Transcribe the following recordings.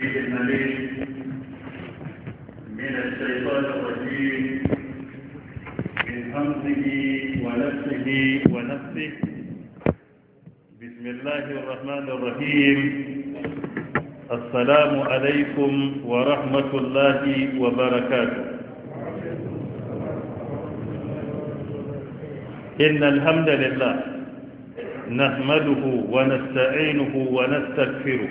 من الشيطان الرجيم من ونفسه ونفسه بسم الله الرحمن الرحيم السلام عليكم ورحمة الله وبركاته إن الحمد لله نحمده ونستعينه ونستغفره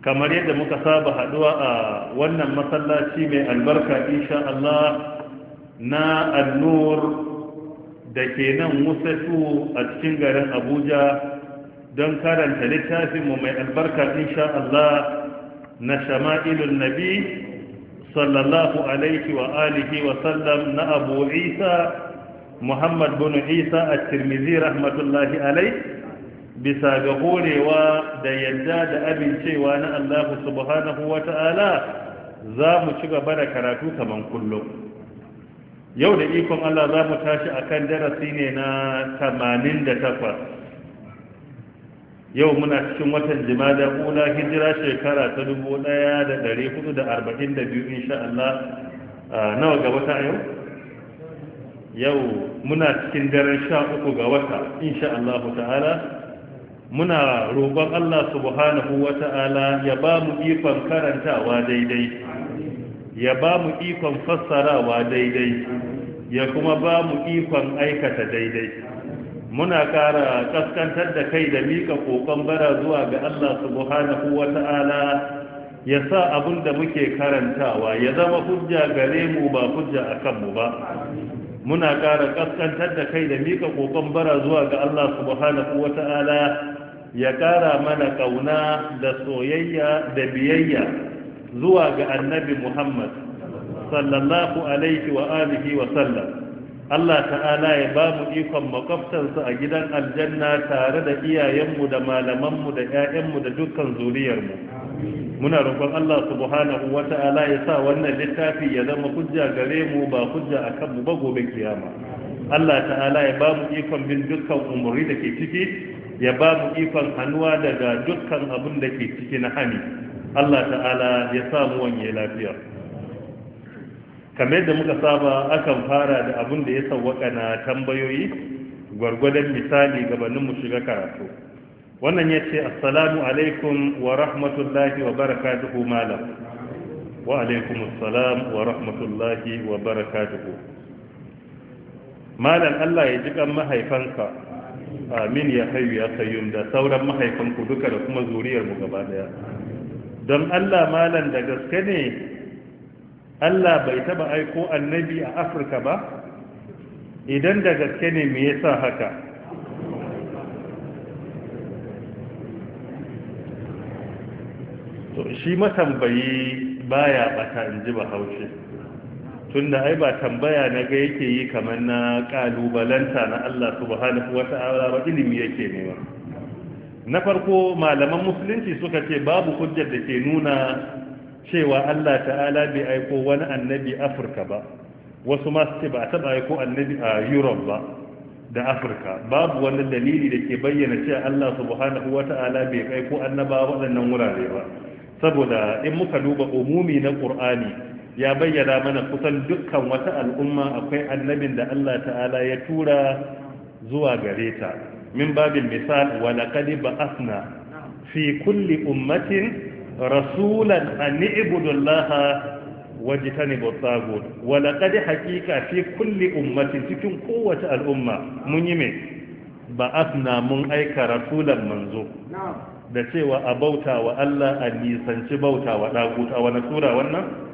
kamar yadda muka saba haduwa a wannan masallaci mai albarka insha Allah na annur da ke nan musatu a cikin garin abuja don karanta littafinmu mai albarka insha Allah na shama'ilun nabi sallallahu alaihi wa alihi wa sallam na abu isa muhammad bin isa a tirmizi rahmatullahi alaihi bisa ga horewa da yadda da amincewa na Allah subhanahu wa ta'ala za mu ci gaba da karatu kaman kullum yau da ikon Allah za mu tashi a kan darasi ne na 88 yau muna cikin watan jimada kula hijira shekara ta 1442 insha Allah nawa ga wata yau yau muna cikin daren 13 ga wata insha Allah ta'ala muna roƙon Allah subhanahu ta'ala ya ba mu ikon karantawa daidai ya ba mu ikon fassarawa daidai ya kuma ba mu ikon aikata daidai muna ƙara ƙaskantar da kai da miƙa ƙoƙon bara zuwa ga Allah subhanahu ta'ala, ya sa abun da muke karantawa ya zama hujja gare mu ba hujja a kanmu ba muna ƙara ƙaskantar da kai da mika ƙoƙon bara zuwa ga Allah subhanahu ta’ala ya kara mana ƙauna da soyayya da biyayya zuwa ga annabi Muhammad sallallahu alaihi wa alihi wa sallam Allah ta'ala ya ba mu ikon makwabtansa a gidan aljanna tare da iyayenmu da malamanmu da 'ya'yanmu da dukkan zuriyarmu muna roƙon Allah subhanahu wa ta'ala ya sa wannan littafi ya zama hujja gare mu ba hujja a kanmu ba gobe kiyama Allah ta'ala ya ba mu ikon bin dukkan umarni da ke ciki ya ba mu ikon hannuwa daga dukkan abin da ke ciki na hani Allah ta'ala ya samu wani lafiya kamar yadda muka saba akan fara da abin da ya sawwaka na tambayoyi gwargwadon misali gabanin mu shiga karatu wannan ya ce assalamu alaikum wa rahmatullahi wa barakatuhu malam wa alaikum assalam wa rahmatullahi wa barakatuhu malam Allah ya ji kan mahaifanka amin ya hayu ya kayyum da sauran mahaifanku duka da kuma zuriyar mu gaba daya don Allah malam da gaske ne Allah bai taba aiko annabi a Afirka ba idan da gaske ne me yasa haka to shi matambayi baya bata in ji bahaushe tunda ai ba tambaya na ga yake yi kamar na kalubalanta na Allah subhanahu wa ta'ala ba ilimi yake ne ba na farko malaman musulunci suka ce babu hujjar da ke nuna cewa Allah ta'ala bai aiko wani annabi Afirka ba wasu ma su ce ba a taɓa aiko annabi a Europe ba da Afirka babu wani dalili da ke bayyana cewa Allah subhanahu wa ta'ala bai aiko annaba waɗannan wurare ba saboda in muka duba umumi na Qur'ani ya bayyana mana kusan dukkan wata al'umma akwai annabin da Allah ta'ala ya tura zuwa gare ta min babin misal wa laqad fi kulli ummatin rasulan an ibudu waje ta at-taghut wa laqad fi kulli ummatin cikin kowace al'umma mun yi me ba'athna mun aika rasulan manzo da cewa a bauta wa Allah a nisanci bauta wa a wani tura wannan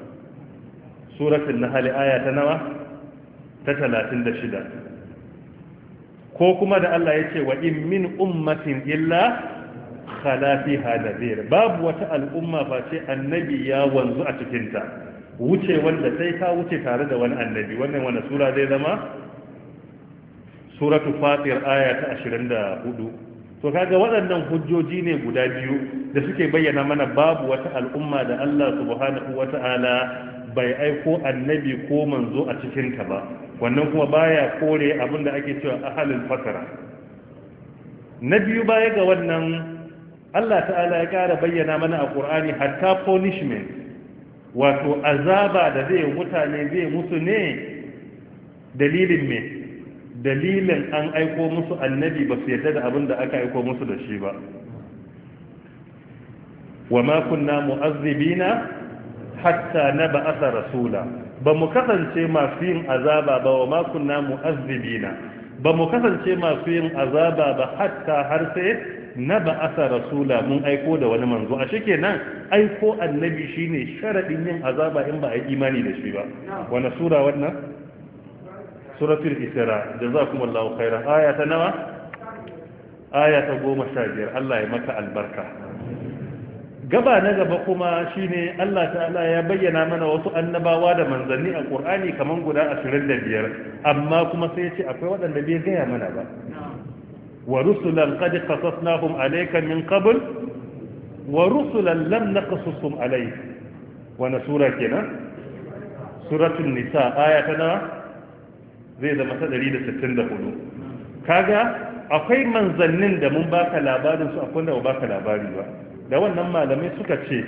suratun nahali aya ta nawa ta shida. ko kuma da Allah ce wa in min ummatin illa khalafi fiha babu wata al'umma ba ce annabi ya wanzu a cikinta. wuce wanda sai ka wuce tare da wani annabi wannan wani sura zai zama Suratu fatir aya ta 24 to kaga waɗannan hujjoji ne guda biyu da suke bayyana mana babu wata al'umma da Allah subhanahu wata'ala bai aiko annabi ko manzo a cikinta ba wannan kuma baya kore abin da ake cewa ahalin fasara na biyu baya ga wannan Allah ta'ala ya ƙara bayyana mana a ƙur'ani hatta punishment wato azaba da zai mutane zai musu ne dalilin me dalilin an aiko musu annabi ba su yarda da abin da aka aiko musu da shi ba wa ma kunna mu'azzibina hatta na ba'asa rasula ba mu kasance masu yin azaba ba wa makunna mu'azzibina ba mu kasance masu yin azaba ba hatta har sai na ba'asa rasula mun aiko da wani manzo a shi kenan aiko annabi shine sharaɗin yin azaba in ba a yi imani da shi ba wani sura wannan suratul isra jazakumullahu khairan aya ta nawa aya ta goma sha biyar Allah ya maka albarka gaba na gaba kuma shine Allah ta'ala ya bayyana mana wasu annabawa da manzanni a Qur'ani kaman guda 25 amma kuma sai ya ce akwai waɗanda bai gaya mana ba wa rusulan qad qasasnahum alayka min qabl wa rusulan lam naqsusum alayk wani sura kenan suratul nisa aya ta nawa zai zama ta 164 kaga akwai manzannin da mun baka labarin su akwai da ba baka labari ba da wannan malamai suka ce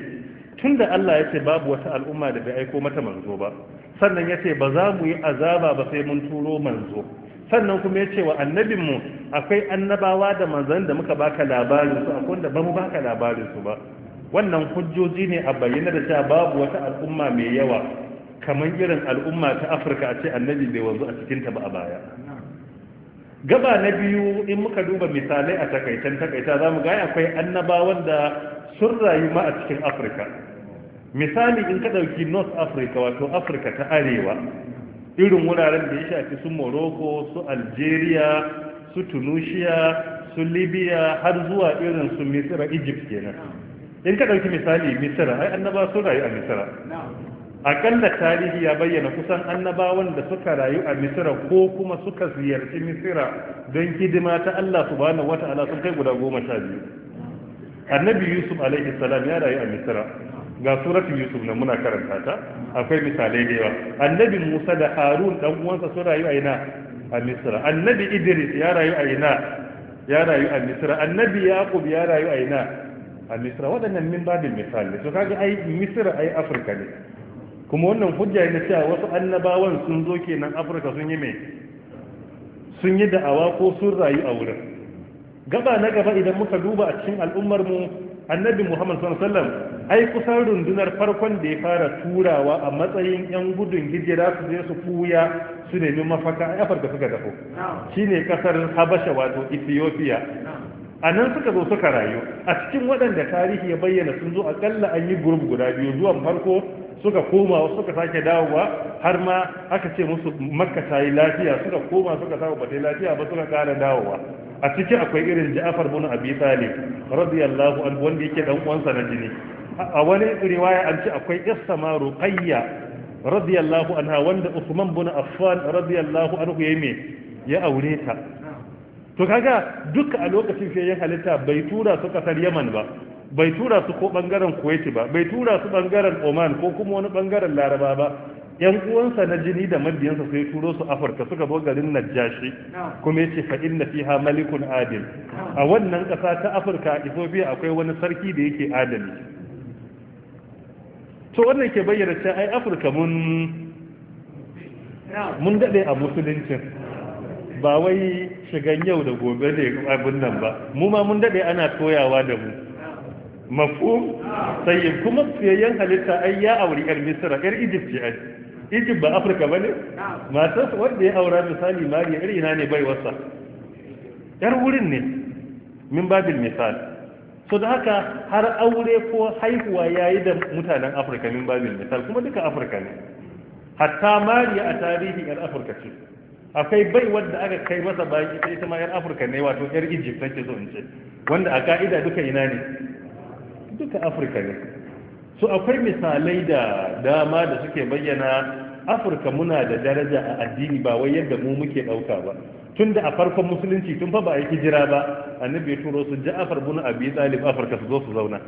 tun da Allah ya ce babu wata al'umma da bai aiko mata manzo ba sannan ya ce ba za mu yi azaba ba sai mun turo manzo sannan kuma ya ce wa annabinmu akwai annabawa da manzan da muka baka labarinsu akwai wanda ba mu baka labarinsu ba wannan hujjoji ne a bayyana da cewa babu wata al'umma mai yawa kamar irin al'umma ta afirka a ce annabi bai wanzu a cikinta ba a baya gaba na biyu in muka duba misalai a takaitan takaita za mu gaya akwai annabawan da sun rayu ma a cikin afirka misali in ka ɗauki north africa wato afirka ta arewa irin wuraren da ya shafi su morocco su algeria su tunisia su libya har zuwa irin su misira egypt kenan in ka ɗauki misali misira ai annaba sun rayu a misira akalla tarihi ya bayyana kusan annabawan da suka rayu a misira ko kuma suka ziyarci misira don hidima ta Allah Su wata ala sun kai guda goma sha biyu annabi yusuf alaihi salam ya rayu a misira ga suratun yusuf na muna karanta ta akwai misalai da yawa annabi musa da harun dan uwansa sun rayu a ina a misira annabi idris ya rayu a ina ya rayu a misira annabi yaqub ya rayu a ina a misira waɗannan min babin misali to kaga ai misira ai afirka ne kuma wannan hujja yana cewa wasu annabawan sun zo kenan afirka sun yi mai sun yi da'awa ko sun rayu a wurin gaba na gaba idan muka duba a cikin al'ummar mu annabi muhammad sallallahu alaihi wasallam ai kusan rundunar farkon da ya fara turawa a matsayin yan gudun hijira su je su fuya su nemi mafaka a afirka suka dafo shine kasar habasha wato ethiopia a nan suka zo suka rayu a cikin waɗanda tarihi ya bayyana sun zo akalla an yi gurub guda biyu zuwan farko suka koma suka sake dawowa har ma aka ce musu makka ta yi lafiya suka koma suka sake ba yi lafiya ba suka kara dawowa a ciki akwai irin ja'afar bin abi talib radiyallahu anhu wanda yake dan uwansa na jini a wani riwaya an ce akwai isma ruqayya radiyallahu anha wanda usman bin affan radiyallahu anhu yayi me ya aure ta to kaga duka a lokacin sai ya halitta bai tura su ƙasar yaman ba bai tura su ko bangaren Kuwait ba bai tura su bangaren oman ko kuma wani bangaren laraba ba yan uwansa na jini da mabiyansa sai turo su afirka suka bo garin najashi kuma yace fa inna fiha malikun adil a wannan kasa ta afirka a ethiopia akwai wani sarki da yake adali to wannan ke bayyana cewa ai afirka mun mun dade a musuluncin ba wai shigan yau da gobe ne abin nan ba mu ma mun dade ana toyawa da mu mafhum tayyib kuma tsayayyen halitta ai ya auri yar misra yar egypt ce ai egypt ba afirka ba ne matar wanda ya aura misali mariya yar ina ne bai wasa yar wurin ne min babin misal so da haka har aure ko haihuwa yayi da mutanen afirka min babin misal kuma duka afirka ne hatta mariya a tarihi yar afirka ce akwai bai wanda aka kai masa bayan ita ita ma yar afirka ne wato yar egypt nake so in ce wanda a ka'ida duka ina ne duka afirka ne so akwai misalai da dama da suke bayyana afirka muna da daraja a addini ba wai yadda mu muke ɗauka ba tun da a farkon musulunci tun fa ba a yi hijira ba annabi ya turo su ja'afar bin abi talib afirka su zo su zauna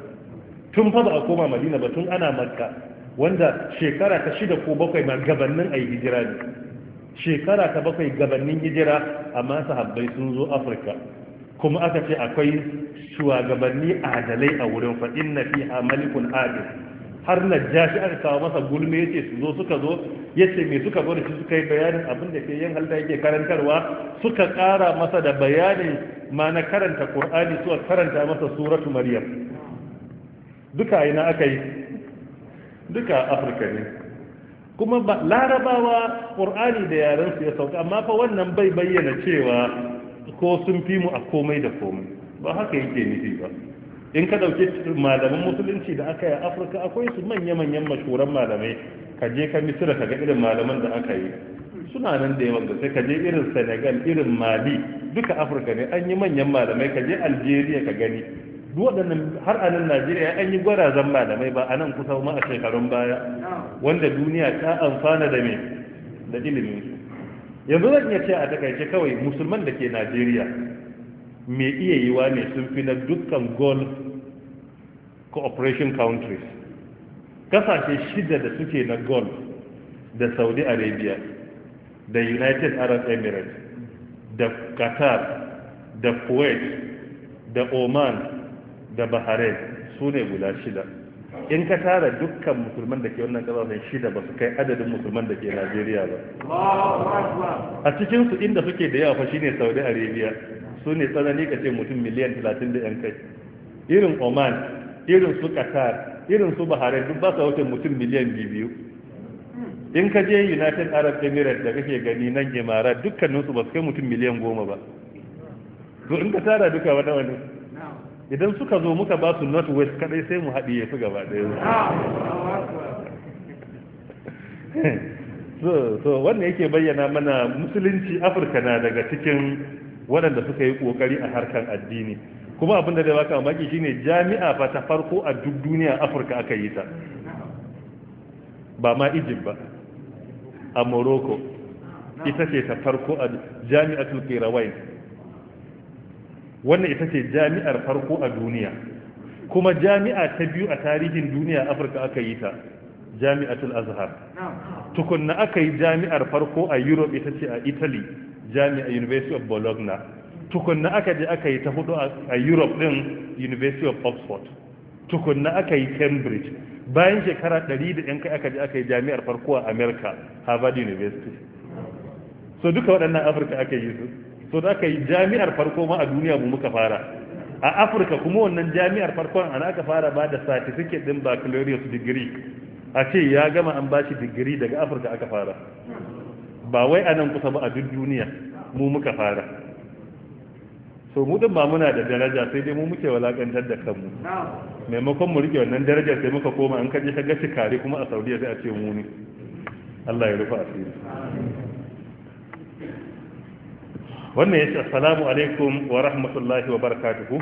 tun fa ba a koma madina ba tun ana makka wanda shekara ta shida ko bakwai ma gabannin a yi hijira ne shekara ta bakwai gabannin hijira amma sahabbai sun zo afirka kuma aka ce akwai shugabanni adalai a wurin fa inna fiha malikun adil har na jashi aka kawo masa gulme yace su zo suka zo yace me suka zo da shi suka yi bayanin abin da ke yin halda yake karantarwa suka ƙara masa da bayani ma na karanta qur'ani suka karanta masa suratu maryam duka ina aka yi duka afirka ne kuma larabawa ƙur'ani da yarensu ya sauka amma fa wannan bai bayyana cewa ko sun fi mu a komai da komai ba haka yake nufi ba in ka ɗauki malaman musulunci da aka yi a afirka akwai su manya-manyan mashuran malamai ka je ka misira ka ga irin malaman da aka yi suna nan da yawan sai ka je irin senegal irin mali duka afirka ne an yi manyan malamai ka je algeria ka gani duk waɗannan har a nan najeriya an yi gwarazan malamai ba a nan kusa ma a shekarun baya wanda duniya ta amfana da me da ilimin yanzu zan iya ce a takaice kawai musulman da ke najeriya mai iya yiwa ne sun fi na dukkan gold cooperation countries kasashe shida da suke na gold da saudi arabia da united arab emirates da qatar da kuwait da oman da bahrain su ne guda shida in ka tara dukkan musulman da ke wannan kasashen shida ba su kai adadin musulman da ke najeriya ba a cikin su inda suke da yawa fa ne saudi arabia su ne tsanani ka ce mutum miliyan 30 da yan kai irin oman irin su qatar irin su bahrain duk ba su wuce mutum miliyan biyu in ka je united arab emirates da kake gani nan imara dukkaninsu ba su kai mutum miliyan goma ba to in ka tara duka wani wani idan suka zo muka ba su north west kadai sai mu ya fi gaba ɗaya so so wannan yake bayyana mana musulunci afirka na daga cikin waɗanda suka yi ƙoƙari a harkar addini kuma abin da baka mamaki shine jami'a fa ta farko a duk duniya afirka aka yi ta ba ma egypt ba a morocco ita ce ta farko a jami'atul qirawai wannan ita ce jami'ar farko a duniya kuma jami'a ta biyu a tarihin duniya afirka aka yi ta jami'atul azhar tukunna aka yi jami'ar farko a europe ita ce a italy jami'a university of bologna tukunna aka je aka yi ta hudu a europe din university of oxford tukunna aka yi cambridge bayan shekara 100 da yan kai aka je aka yi jami'ar farko a america harvard university so duka waɗannan afirka aka yi su so da aka yi jami'ar farko ma a duniya mu muka fara a afirka kuma wannan jami'ar farkon ana aka fara ba da certificate din baccalaureate degree a ce ya gama an bashi digiri daga afirka aka fara ba wai a nan kusa ba a duk duniya mu muka fara so mu din ba muna da daraja sai dai mu muke walakantar da kanmu maimakon mu rike wannan darajar sai muka koma an kaje ka gashi kare kuma a saudiya sai a ce mu ne Allah ya rufa asiri wannan ya ce assalamu alaikum wa rahmatullahi wa barakatuhu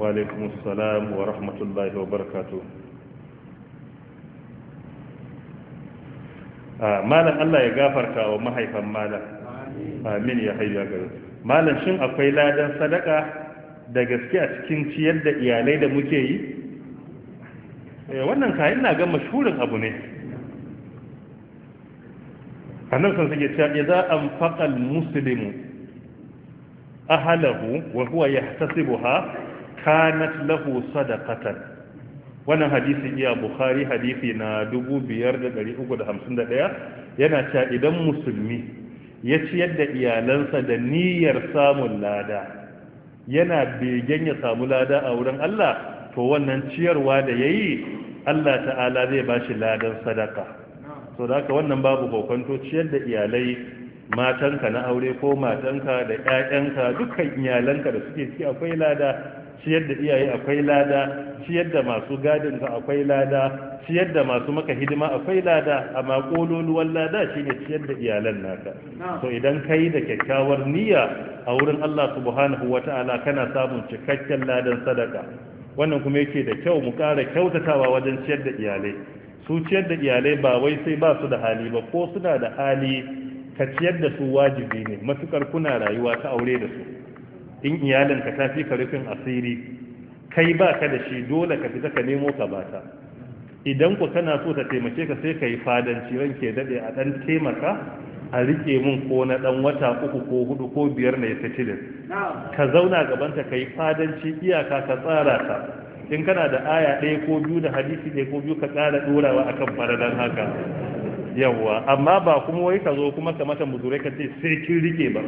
wa alaikum assalam wa rahmatullahi wa barakatuhu ah, malam Allah ya gafarta wa mahaifan malam amin ya hayya gari malam shin akwai ladan sadaka da gaske a cikin ciyar da iyalai da muke yi eh, wannan kayan na gama shurin abu ne A nan sun suke cewa idza anfaqa al musulmi ahalahu wa huwa yahtasibuha kanat lahu sadaqatan wannan hadisi iya bukhari hadisi na 5351 yana cewa idan musulmi ya ciyar da iyalansa da niyyar samun lada yana begen ya samu lada a wurin Allah to wannan ciyarwa da yayi Allah ta'ala zai bashi ladan sadaka so da haka wannan babu kokonto ciyar da iyalai matanka na aure ko matanka da ƴaƴanka dukkan iyalanka da suke ciki akwai lada ciyar da iyaye akwai lada ciyar da masu gadin ka akwai lada ciyar da masu maka hidima akwai lada amma kololuwan lada shine ciyar da iyalan naka to idan kai da kyakkyawar niyya a wurin Allah subhanahu wata'ala kana samun cikakken ladan sadaka wannan kuma yake da kyau mu kara kyautatawa wajen ciyar da iyalai su ciyar da iyalai ba wai sai ba su da hali ba ko suna da hali ka ciyar da su wajibi ne matukar kuna rayuwa ta aure da su in iyalinka ta fi ka rufin asiri kai ba ka da shi dole ka fita ka nemo ka ta. idan ku kana so ta taimake ka sai ka yi fadanci ran ke daɗe a ɗan taimaka a rike mun ko na ɗan wata uku ko hudu ko biyar na ya ka zauna gabanta ka yi fadanci iyaka ka tsara ta in kana da aya ɗaya ko biyu da hadisi ɗaya ko biyu ka ƙara ɗorawa akan faradan haka Yawwa, amma ba kuma wai ka zo kuma ka mata muzurai ka ce sai kin rike ba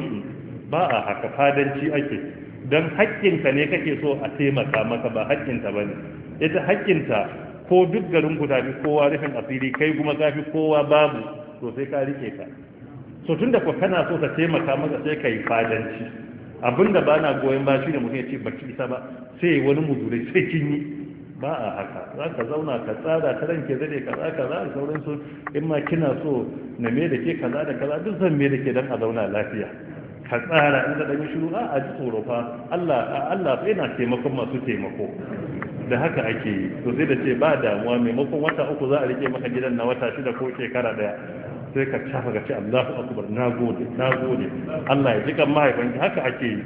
ba a haka fadanci ake don haƙƙinta ne kake so a taimaka maka ba haƙƙinta ba ne ita haƙƙinta ko duk garin ku tafi kowa rufin asiri kai kuma fi kowa babu to sai ka rike ka so tunda ku kana so ka taimaka maka sai ka yi fadanci abinda ba na goyon ba shi ne mutum ya ce baki isa ba sai wani muzurai sai kin yi ba a haka za ka zauna ka tsara ka ranke zade kaza kaza a sauransu in ma kina so na me da ke kaza da kaza duk zan me da ke don a zauna lafiya ka tsara in da ɗan shiru a a ji tsoro fa Allah Allah yana taimakon masu taimako da haka ake yi to sai da ce ba damuwa maimakon wata uku za a rike maka gidan na wata shida ko shekara daya sai ka shafa ga ce Allahu akbar na gode. Allah ya ji kan mahaifanki haka ake yi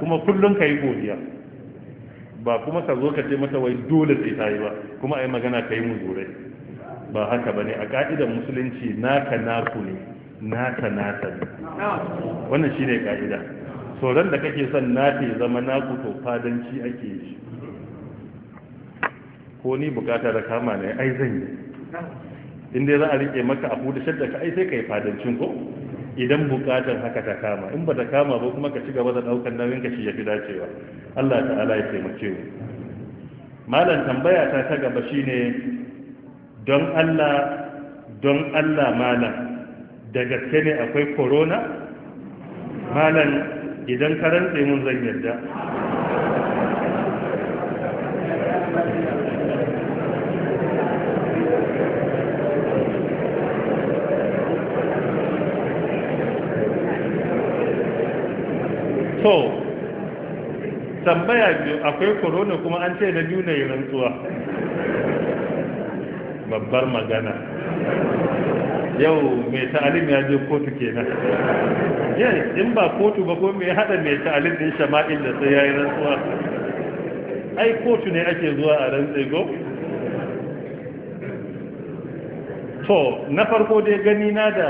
kuma kullum ka yi godiya ba kuma ka zo ka ce mata wai dole sai ta yi ba kuma a magana ka yi muzurai ba haka ba ne a ka'idar musulunci naka naku ne naka naka ne wannan shi ne ka'ida tsoron da kake son naka ya zama naku to fadanci ake yi ko ni bukata da kama ne ai zan yi in dai za a rike maka abu da shadda ka ai sai ka yi fadancin ko idan buƙatar haka ta kama in ba ta kama ba kuma ka ci gaba da daukan nauyin ka shi fi dacewa Allah ta'ala ya taimake mu malam tambaya ta ta gaba shine don Allah don Allah malam da gaske ne akwai corona malam idan ka rantse mun zan yarda to tambaya biyu akwai korona kuma an ce na biyu na yi rantsuwa babbar magana yau mai ta'alim ya je kotu kenan Yai, in ba kotu ba ko mai hada mai ta'alim din shama'il da sai ya yi rantsuwa ai kotu ne ake zuwa a rantsego? go to na farko dai gani na da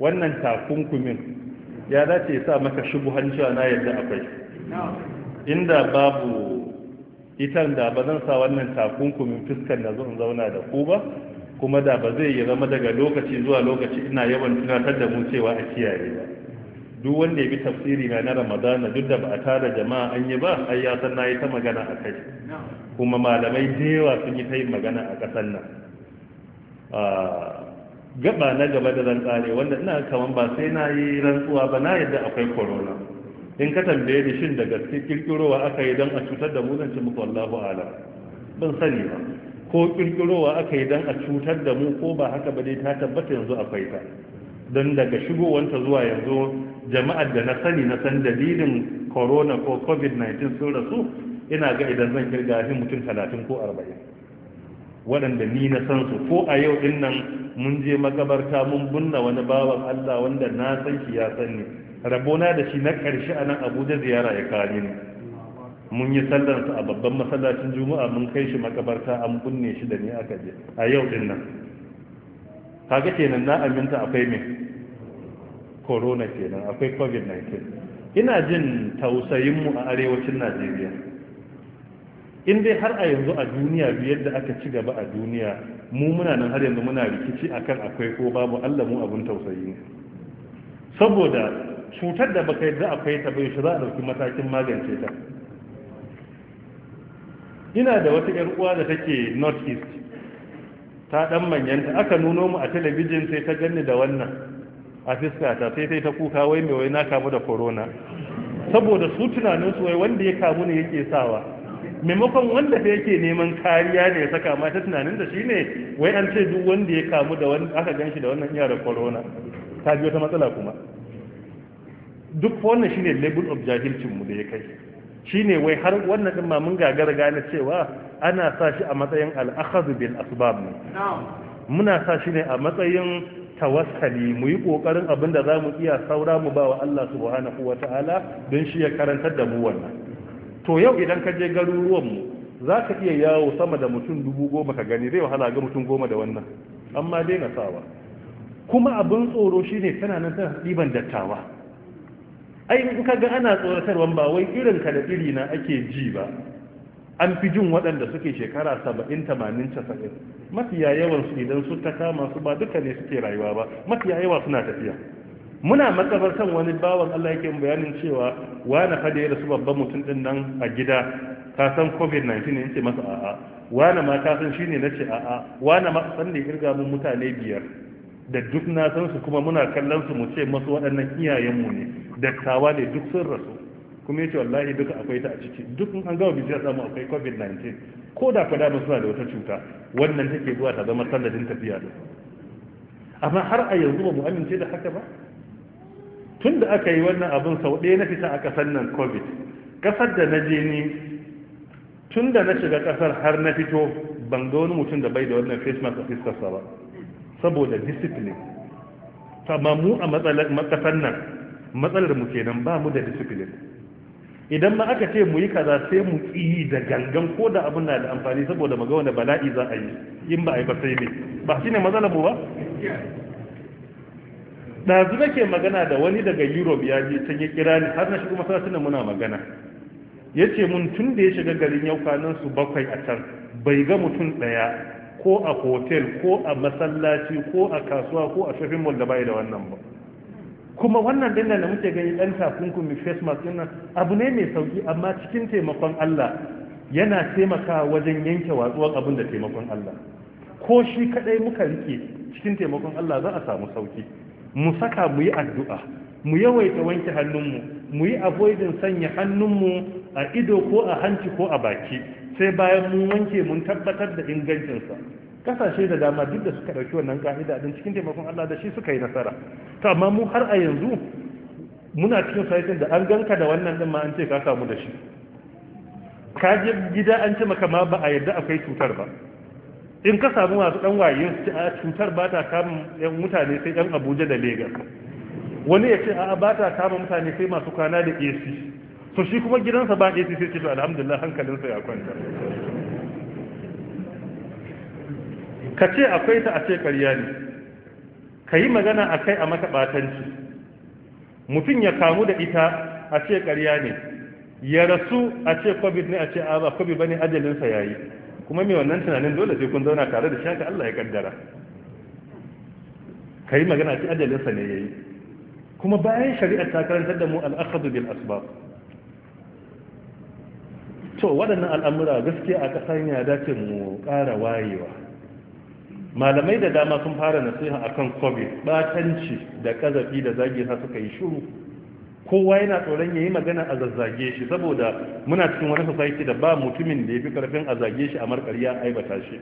wannan takunkumin ya dace ya sa maka shubuhan cewa na yadda akwai inda babu itan da ba zan sa wannan takunkumin fuskar na zo zauna da ku ba kuma da ba zai yi zama daga lokaci zuwa lokaci ina yawan tunatar da mu cewa a kiyaye ba duk wanda ya bi tafsiri na na ramadana duk da ba a tara jama'a an yi ba ai ya san na yi ta magana a kai kuma malamai da yawa sun yi ta yin magana a ƙasar nan ah, gaba na gaba da zan wanda ina kaman ba sai na yi rantsuwa ba na yadda akwai corona in ka tambaye da shin da gaske kirkirowa aka yi don a cutar da mu zan ci muku wallahu alam ban sani ba ko kirkirowa aka yi don a cutar da mu ko ba haka ba dai ta tabbata yanzu akwai ta don daga shigowanta zuwa yanzu jama'ar da na sani na san dalilin corona ko covid-19 sun rasu ina ga idan zan kirga shi mutum talatin ko arba'in waɗanda ni na san su ko a yau din nan mun je makabarta mun bunna wani bawan Allah wanda na san shi ya san ni rabona da shi na ƙarshe a nan Abuja ziyara ya kare ni mun yi sallar a babban masallacin Juma'a mun kai shi makabarta an bunne shi da ni aka je a yau din nan kaga kenan na aminta akwai me corona kenan akwai covid-19 ina jin tausayin mu a arewacin Najeriya in dai har a yanzu a duniya bi yadda aka ci gaba a duniya mu muna nan har yanzu muna rikici akan akwai ko babu Allah mu abin tausayi ne saboda cutar da baka yadda akwai ta bai shi za a dauki matakin magance ta ina da wata yar uwa da take north east ta dan manyanta aka nuno mu a talabijin sai ta ganni da wannan a fiska ta sai ta kuka wai mai wai na kamu da corona saboda su tunanin su wai wanda ya kamu ne yake sawa maimakon wanda da yake neman kariya ne ya saka ma ta tunanin da shine wai an ce duk wanda ya kamu da wanda aka ganshi da wannan iya da corona ta biyo ta matsala kuma duk wannan shine label of jahilcin mu da ya kai shine wai har wannan din ma mun gagara gane cewa ana sa shi a matsayin al-akhadhu bil asbab muna sa shi ne a matsayin tawassali mu yi kokarin abin da za mu iya saura mu ba wa Allah subhanahu wa ta'ala don shi ya karantar da mu wannan to yau idan ka je garuruwanmu za ka iya yawo sama da mutum dubu goma ka gani zai wahala ga mutum goma da wannan amma na sawa kuma abin tsoro shi ne tana nan tana ɗiban dattawa ai in ka ga ana tsoratarwa ba wai irin ka da iri na ake ji ba an fi jin waɗanda suke shekara saba'in tamanin casa'in mafiya yawan su idan su ta kama su ba duka ne suke rayuwa ba mafiya yawa suna tafiya muna matsabar kan wani bawan Allah yake bayanin cewa wani fa da ya rasu babban mutum din nan a gida ka san covid-19 ne ce masa a'a wani ma ka san shine na ce a'a wani ma san ne kirga mun mutane biyar da duk na san su kuma muna kallon su mu ce masu waɗannan iyayenmu ne dattawa ne duk sun rasu kuma yace wallahi duka akwai ta a ciki duk an gama bijiyar samu akwai covid-19 ko da fa ba suna da wata cuta wannan take zuwa ta zama sanadin tafiya da amma har a yanzu ba mu amince da haka ba tun da aka yi wannan abin sau ɗaya na fita a ƙasar nan covid ƙasar da na je ni tun da na shiga ƙasar har na fito ban ga wani mutum da bai da wannan face mask a fiskarsa ba saboda discipline amma mu a matsalar nan matsalar mu kenan ba mu da discipline idan ma aka ce mu yi kaza sai mu tsiyi da gangan ko da abin na da amfani saboda mu ga wani bala'i za a yi in ba a yi ba sai ne ba shine matsalar mu ba ɗazu nake magana da wani daga europe ya je can ya kira ni har na shigo masarautar muna magana ya ce mun tun da ya shiga garin yau kwanan su bakwai a can bai ga mutum ɗaya ko a hotel ko a masallaci ko a kasuwa ko a shopping mall da bai da wannan ba kuma wannan dinnan da muke gani ɗan takunkumi face mask ɗin abu ne mai sauki amma cikin taimakon Allah yana taimakawa wajen yanke watsuwar abin da taimakon Allah ko shi kaɗai muka rike cikin taimakon Allah za a samu sauki mu saka mu yi addu'a mu yawaita wanke hannunmu mu yi avoidin sanya hannunmu a ido ko a hanci ko a baki sai bayan mun wanke mun tabbatar da ingancinsa kasashe da dama duk da suka ɗauki wannan ka'ida din cikin taimakon Allah da shi suka yi nasara to amma mu har a yanzu muna cikin saitin da an ganka da wannan din ma an ce ka samu da shi ka je gida an ce maka ma ba a yadda akwai cutar ba in ka samu masu ɗan waye a cutar ba ta kama yan mutane sai yan abuja da lagos wani ya ce a ba ta kama mutane sai masu kwana da ac so shi kuma gidansa ba ac sai ce to alhamdulillah hankalinsa ya kwanta ka ce akwai ta a ce karya ne ka yi magana a kai a mata batanci mutum ya kamu da ita a ce karya ne ya rasu a ce covid ne a ce a ba covid ba ne ajalinsa ya yi kuma mai wannan tunanin dole sai kun zauna tare da shaka Allah ya kaddara kai magana ci ajalinsa ne yayi kuma bayan shari'ar ta karantar da mu al bil asbab to waɗannan al'amura gaskiya a ƙasar ya dace mu ƙara wayewa malamai da dama sun fara nasiha akan covid batanci da kazafi da zagi sa suka yi shuru kowa yana tsoron ya yi magana a zazzage shi saboda muna cikin wani society da ba mutumin da ya fi karfin a zage shi a markariya aibata shi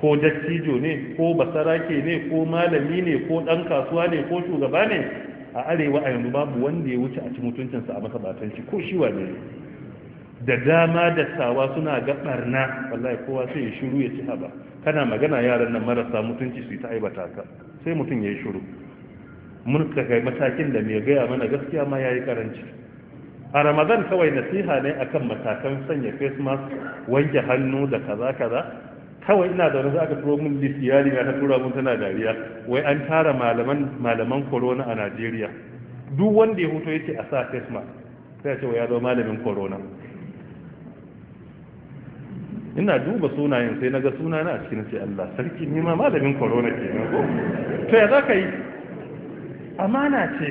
ko dattijo ne ko basarake ne ko malami ne ko ɗan kasuwa ne ko shugaba ne a arewa a yanzu babu wanda ya wuce a ci mutuncinsa a masa ko shi wane da dama da dattawa suna ga barna wallahi kowa sai ya shiru ya ci haba kana magana yaran nan marasa mutunci su yi ta aibata ka sai mutum ya yi shiru mun kai matakin da mai gaya mana gaskiya ma yayi karanci a ramadan kawai nasiha ne akan matakan sanya face mask wanke hannu da kaza kaza kawai ina da wani aka turo mun list iyali na ta tura mun tana dariya wai an tara malaman malaman corona a Najeriya duk wanda ya hoto yace a sa face mask sai ce ya zo malamin corona ina duba sunayen sai naga sunana a cikin sai Allah sarki ni ma malamin corona ke ko to ya zaka yi amana ce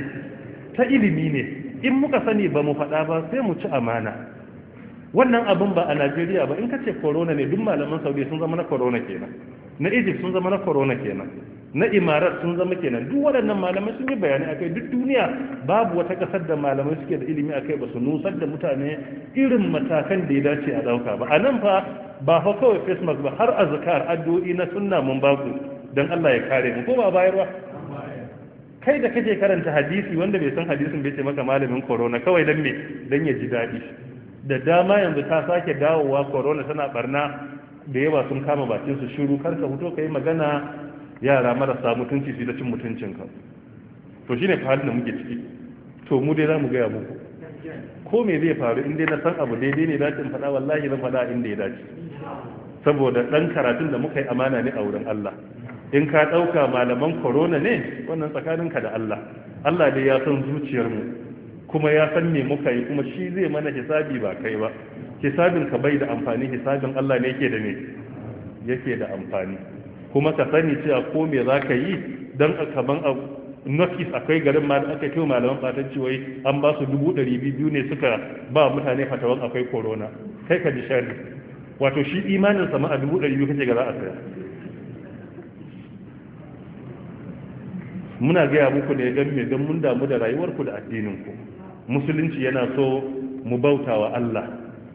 ta ilimi ne in muka sani ba mu faɗa ba sai mu ci amana wannan abin ba a najeriya ba in ka ce corona ne duk malaman saudi sun zama na corona kenan na egypt sun zama na corona kenan na imarat sun zama kenan duk waɗannan malamai sun yi bayani akai duk duniya babu wata ƙasar da malamai suke da ilimi akai ba su nusar da mutane irin matakan da ya dace a ɗauka ba a nan fa ba fa kawai facebook ba har azkar addu'o'i na sunna mun baku don allah ya kare mu ko ba bayarwa kai da kake karanta hadisi wanda bai san hadisin bai ce maka malamin corona kawai dan me dan ya ji daɗi da dama yanzu ta sake dawowa corona tana barna da yawa sun kama bakin su shiru kar ka fito yi magana yara marasa mutunci su da cin mutuncinka to shine fa halin da muke ciki to mu dai zamu gaya muku ko me zai faru in dai na san abu daidai ne dace in faɗa wallahi zan faɗa inda ya dace saboda ɗan karatun da muka yi amana ne a wurin Allah in ka ɗauka malaman corona ne wannan tsakaninka da Allah Allah dai ya san zuciyarmu kuma ya san me muka yi kuma shi zai mana hisabi ba kai ba hisabin ka bai da amfani hisabin Allah ne yake da ne yake da amfani kuma ka sani cewa ko me za ka yi don kaman a northeast akwai garin ma da aka kai malaman fatan wai an ba su dubu ɗari biyu ne suka ba mutane fatawan akwai corona kai ka ji shari wato shi imanin sama a dubu ɗari biyu kake ga za a saya muna gaya muku ne don me don mun damu da rayuwarku da addininku musulunci yana so mu bauta wa Allah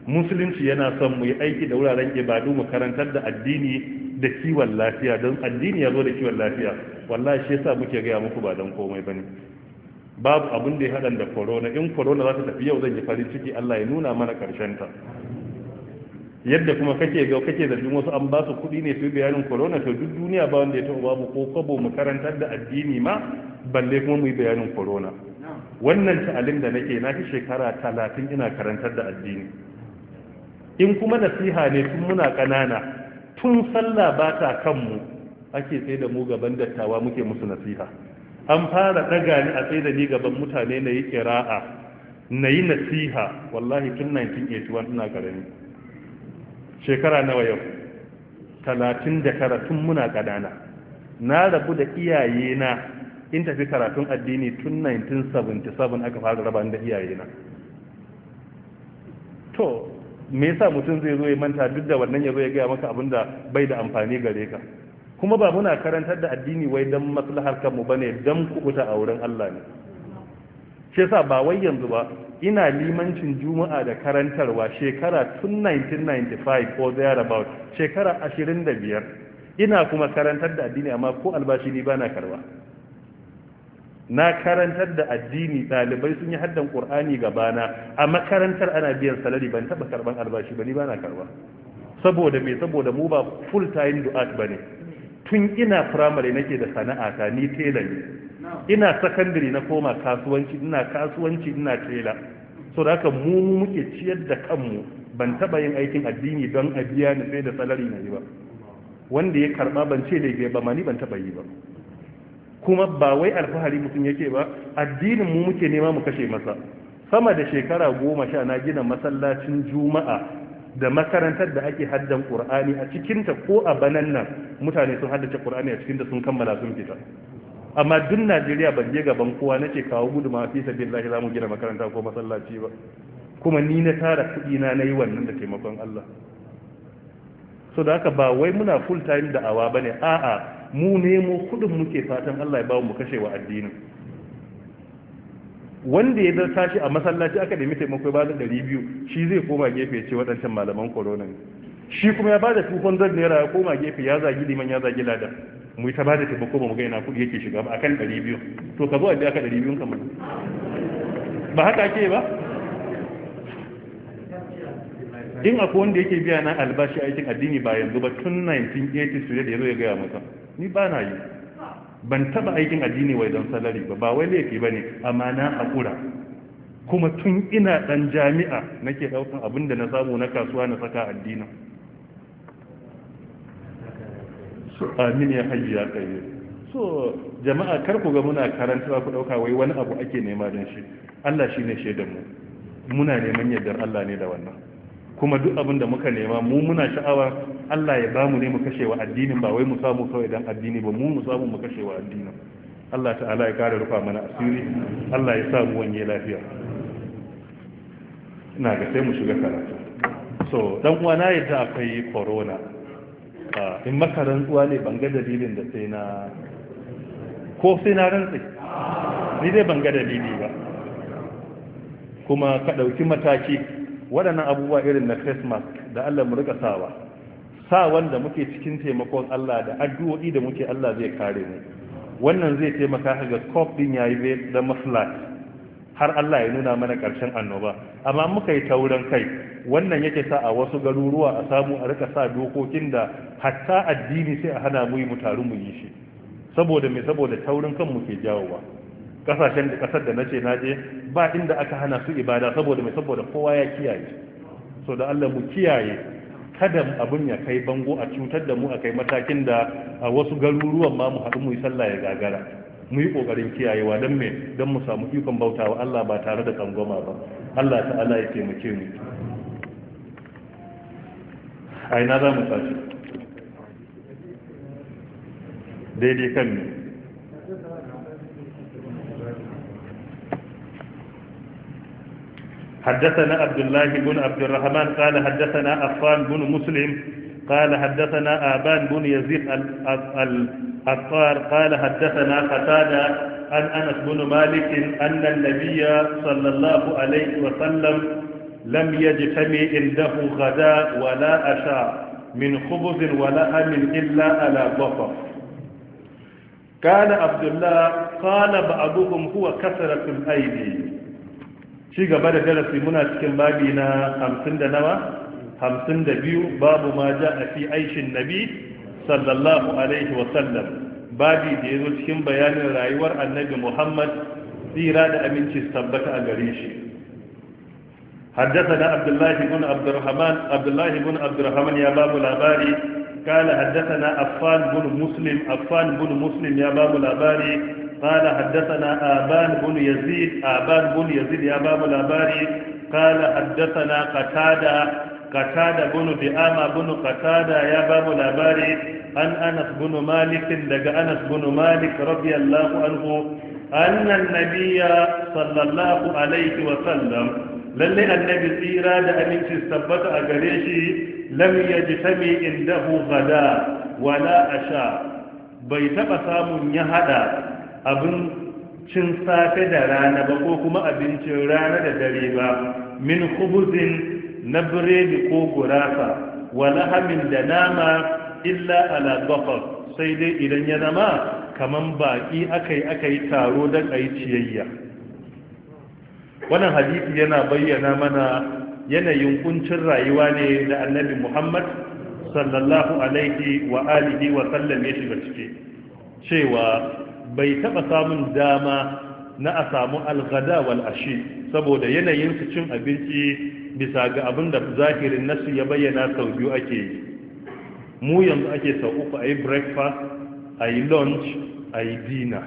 musulunci yana son mu yi aiki da wuraren ibadu mu karantar da addini da kiwon lafiya don addini ya zo da kiwon lafiya wallahi shi yasa muke gaya muku ba don komai bane babu abin da ya haɗa da corona in corona za ta tafi yau zan yi farin ciki Allah ya nuna mana karshen ta yadda kuma kake ga kake zargin wasu an ba su kuɗi ne su bayanin corona to duk duniya ba wanda ya taɓa babu ko kwabo mu karantar da addini ma balle kuma mu yi bayanin corona wannan taalin da nake na shekara talatin ina karantar da addini in kuma nasiha ne tun muna ƙanana tun sallah ba ta kanmu ake sai da mu gaban dattawa muke musu nasiha an fara ɗaga ni a sai da ni gaban mutane na yi ƙira'a na yi nasiha wallahi tun 1981 ina ƙarami shekara nawa yau talatin da karatun muna ƙanana na rabu da iyayena na in tafi karatun addini tun 1977 aka fara raba da iyaye na to me yasa mutum zai zo ya manta duk da wannan ya zo ya gaya maka abin da bai da amfani gare ka kuma ba muna karantar da addini wai don maslahar kanmu bane don kubuta a wurin Allah ne shi yasa ba wai yanzu ba ina limancin juma'a da karantarwa shekara tun 1995 ko thereabout shekara 25 ina kuma karantar da addini amma ko albashi ni bana karba na karantar da addini ɗalibai sun yi haddan ƙur'ani gabana a makarantar ana biyan salari ban taɓa karɓar albashi ba ni bana karɓa. saboda me saboda mu ba full time du'at ne. tun ina firamare nake da sana'a ta ni tela ne ina sakandare na koma kasuwanci ina kasuwanci ina tela so da haka mu muke ciyar da kanmu ban taba yin aikin addini don a biya ni sai da salari na yi ba wanda ya karba ban ce da ba ma ni ban taba yi ba kuma ba wai alfahari mutum yake ba addinin mu muke nema mu kashe masa sama da shekara goma sha na gina masallacin juma'a da makarantar da ake haddan qur'ani a cikinta ko a banan nan mutane sun haddace qur'ani a cikinta sun kammala sun fita amma duk najeriya ban je gaban kowa nake kawo guduma fi sabilillahi za mu gina makaranta ko masallaci ba kuma ni na tara kuɗi na na yi wannan da taimakon Allah so da haka ba wai muna full time da awa ne a'a mu nemo kuɗin muke fatan Allah ya bawo mu kashe wa addinin wanda ya tashi a masallaci aka nemi taimako ba da biyu shi zai koma gefe ce waɗancan malaman corona shi kuma ya bada zan naira ya koma gefe ya zagi liman ya zagi ladan mu ta bada taimako ba mu ga ina kuɗi yake shiga ba akan 200 to ka zo a biya ka 200 kamar ba haka ake ba in akwai wanda yake biya na albashi aikin addini ba yanzu ba tun 1980 su da ya zo ya gaya masa ni ba na yi ban taba aikin addini wai don salari ba ba wai laifi ba ne amma na haƙura kuma tun ina ɗan jami'a nake ɗaukan abinda na samu na kasuwa na saka addinin su amin ya hayyu ya qayyum so jama'a kar ku ga muna karantawa ku dauka wai wani abu ake nema don shi Allah ne shaidan mu muna neman yardar Allah ne da wannan kuma duk abin da muka nema mu muna sha'awa Allah ya bamu ne mu kashe wa addinin ba wai mu samu kawai dan addini ba mu mu samu mu kashe wa addinin Allah ta'ala ya kare rufa mana asiri Allah ya sa mu wanye lafiya ina ga sai mu shiga karatu so dan uwa na yadda akwai corona in maka rantsuwa ne ban ga dalilin da sai na ko sai na rantsi ni dai ban dalili ba kuma ka ɗauki mataki waɗannan abubuwa irin na christmas da Allah mu rika sawa sa wanda muke cikin taimakon Allah da addu'o'i da muke Allah zai kare mu wannan zai taimaka ga scope din yayi da maslahat har Allah ya nuna mana ƙarshen annoba amma muka yi taurin kai wannan yake sa a wasu garuruwa a samu a rika sa dokokin da hatta addini sai a hana mu yi mutaru mu yi shi saboda me saboda taurin kan mu ke jawowa kasashen da kasar da nace naje ba inda aka hana su ibada saboda me saboda kowa ya kiyaye so da Allah mu kiyaye kada abun ya kai bango a cutar da mu a kai matakin da a wasu garuruwan ma mu haɗu mu yi sallah ya gagara mu yi kokarin kiyayewa don me don mu samu ikon bautawa Allah ba tare da kangoma ba Allah ta'ala ya taimake mu a ina za mu tashi daidai kan ne حدثنا عبد الله بن عبد الرحمن قال حدثنا عفان بن مسلم قال حدثنا آبان بن يزيد الأطار قال حدثنا قتادة عن أنس بن مالك أن النبي صلى الله عليه وسلم لم يجتمع عنده غداء ولا عشاء من خبز ولا أمن إلا على بصر كان عبد الله قال بعضهم هو كثرة الأيدي شيء قبل في منى تكن بابنا خمسين دنوة hamsin da biyu babu ma ja a fi aishin nabi sallallahu alaihi wasallam babi da ya zo cikin bayanin rayuwar annabi muhammad tsira da aminci tabbata a gare shi حدثنا عبد الله بن عبد الرحمن عبد الله بن عبد الرحمن يا باب العباري قال حدثنا عفان بن مسلم عفان بن مسلم يا باب العباري قال حدثنا آبان بن يزيد آبان بن يزيد يا باب العباري قال حدثنا قتادة qatada bin bi'ama bunu qatada ya babu labari an anas bunu malik daga anas bunu malik radiyallahu anhu annan nabiyya sallallahu alaihi wa sallam lalle annabi tsira da aminci tabbata a gare shi lam yajtami indahu ghada wala asha bai taba samun ya hada abin cin safe da rana ba ko kuma abincin rana da dare ba min kubuzin na biredi ko gurasa wa lahamin da nama illa ala gafar sai dai idan ya zama kamar baƙi aka yi taro da kai ciyayya wannan hadisi yana bayyana mana yanayin kuncin rayuwa ne da annabi muhammad sallallahu alaihi wa alihi wa sallam ya shiga ciki cewa bai taɓa samun dama na a samu algada wal ashi saboda yanayin su cin abinci bisa ga abin da zahirin nasu ya bayyana sau biyu ake yi mu yanzu ake sau uku a yi breakfast a yi lunch a yi dina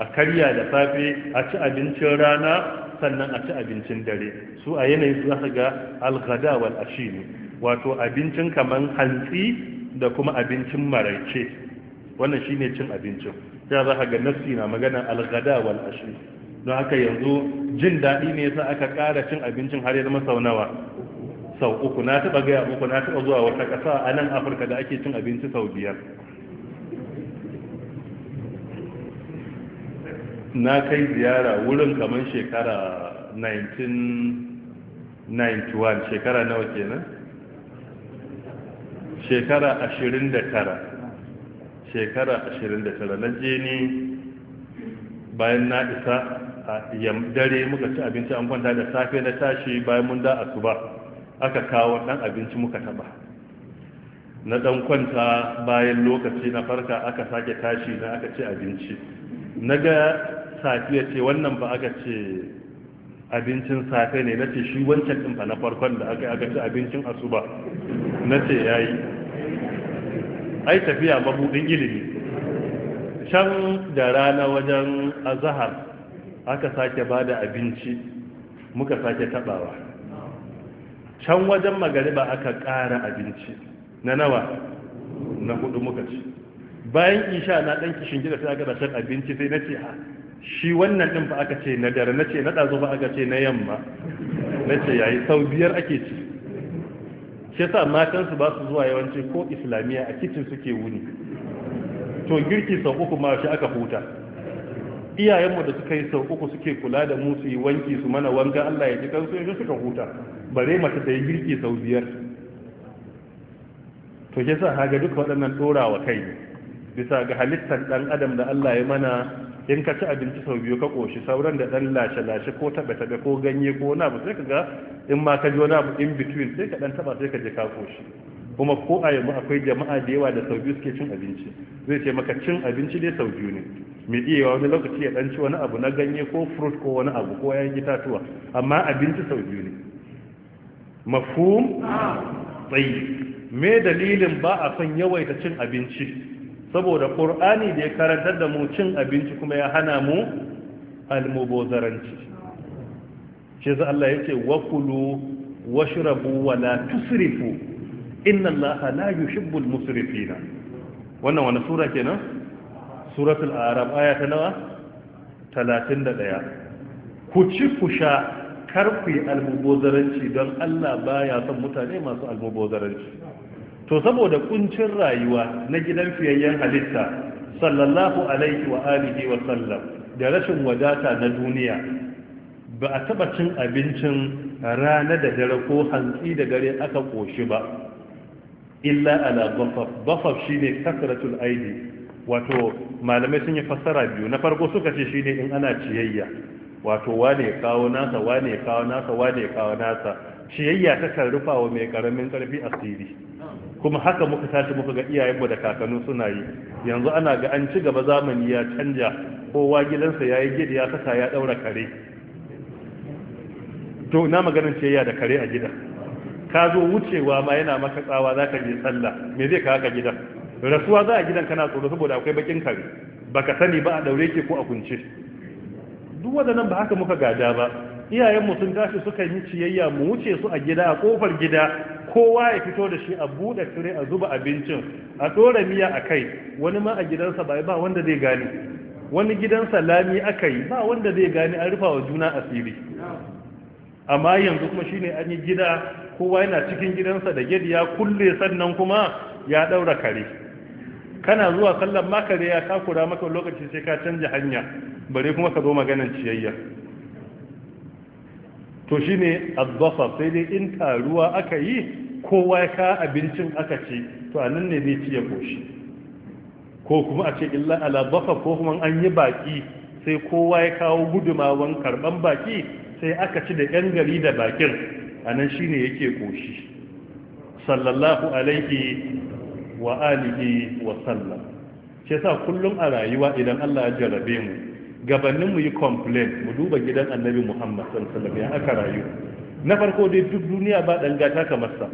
a karya da safe a ci abincin rana sannan a ci abincin dare su a yanayin su za ga alghada wal ashini wato abincin kaman hantsi da kuma abincin maraice wannan shine cin abincin ya za ga nassi na magana alghada wal ashini don haka yanzu jin daɗi ne sa aka ƙara cin abincin har yanzu masau sau nawa sau uku na taɓa gaya uku na taɓa zuwa wata ƙasa a nan afirka da ake cin abinci sau biyar na kai ziyara wurin kamar shekara 1991 shekara nawa kenan shekara 29 shekara 29 na je ni bayan na isa dare muka ci abinci an kwanta da safe na tashi bayan mun da asuba aka kawo dan abinci muka taba na dan kwanta bayan lokaci na farka aka sake tashi na aka ci abinci na ga safiya ce wannan ba aka ce abincin safe ne na ce shi wancan ɗin na farkon da aka aka ci abincin asuba na ce ya ai tafiya mabuɗin ilimi can da rana wajen azahar aka sake ba da abinci muka sake tabawa can wajen magariba aka ƙara abinci na nawa na hudu muka ci bayan isha na ɗan kishin gida sai aka da shan abinci sai na ce ha shi wannan ɗin fa aka ce na dare na ce na ɗazu fa aka ce na yamma na ce yayi sau biyar ake ci shi yasa su ba su zuwa yawanci ko islamiyya a kicin suke wuni to girki sau uku ma shi aka huta iyayenmu da suka yi sau uku suke kula da mu su yi wanki su mana wanka Allah ya ji kansu yanzu suka huta bare mace ta yi girki sau biyar to ke sa haga duk waɗannan ɗorawa kai bisa ga halittar ɗan adam da Allah ya mana in ka ci abinci sau biyu ka ƙoshi sauran da ɗan lashe-lashe ko taɓe-taɓe ko ganye ko wani abu sai ka ga in ma ka ji wani abu in between sai ka ɗan taɓa sai ka ji ka ƙoshi kuma ko a yamma akwai jama'a da yawa da sau biyu suke cin abinci zai ce maka cin abinci dai sau biyu ne mai iya wani lokaci ya ɗanci wani abu na ganye ko fruit ko wani abu ko ya yi itatuwa amma abinci sau biyu ne mafhum tsayi me dalilin ba a son yawaita cin abinci saboda ƙur'ani da ya karantar da mu cin abinci kuma ya hana mu almubozaranci shi za Allah ya ce wakulu washrabu wa na tusrifu inna Allah la yuhibbul musrifina wannan wani sura kenan suratul arab aya ta nawa 31 ku ci ku sha kar ku yi almubozaranci don Allah baya son mutane masu almubozaranci to saboda kuncin rayuwa na gidan fiyayyen halitta sallallahu alaihi wa alihi wa sallam da rashin wadata na duniya ba a taba cin abincin rana da dare ko hantsi da gare aka koshi ba illa ala bafaf bafaf shine kasratul aidi wato malamai sun yi fassara biyu na farko suka ce shine in ana ciyayya wato wane ya kawo nasa wane ya kawo nasa wane ya kawo nasa ciyayya ta kan rufa wa mai karamin karfi asiri kuma haka muka tashi muka ga iyayenmu da kakannu suna yi yanzu ana ga an ci gaba zamani ya canja kowa gidansa ya yi gidi ya saka ya daura kare to na maganin ciyayya da kare a gida ka zo wucewa ma yana maka tsawa za ka je sallah me zai kawo ka gidan rasuwa za a gidan kana tsoro saboda akwai bakin kare baka sani ba a daure ke ko a kunce duk wadannan ba haka muka gada ba iyayenmu sun tashi suka yi ciyayya mu wuce su a gida a kofar gida kowa ya fito da shi a buɗe tire a zuba abincin a ɗora miya a kai wani ma a gidansa ba ba wanda zai gane wani gidansa lami aka yi ba wanda zai gane an rufa wa juna asiri amma yanzu kuma shine an yi gida kowa yana cikin gidansa da gidiya ya kulle sannan kuma ya ɗaura kare kana zuwa sallan makare ya kakura maka lokaci sai ka canja hanya bare kuma ka zo maganan ciyayya to shine azzafar sai dai in taruwa aka yi kowa ya ka abincin aka ci to anan ne zai ci ya koshi ko kuma a ce illa ala zafa ko kuma an yi baki sai kowa ya kawo gudumawan karban baki sai aka ci da yan gari da bakin anan shine yake koshi sallallahu alaihi wa alihi wa sallam ce sa kullum a rayuwa idan Allah ya jarabe mu gabanin mu yi complain mu duba gidan Annabi Muhammad sallallahu alaihi wasallam ya aka rayu na farko dai duk duniya ba dan kamar sa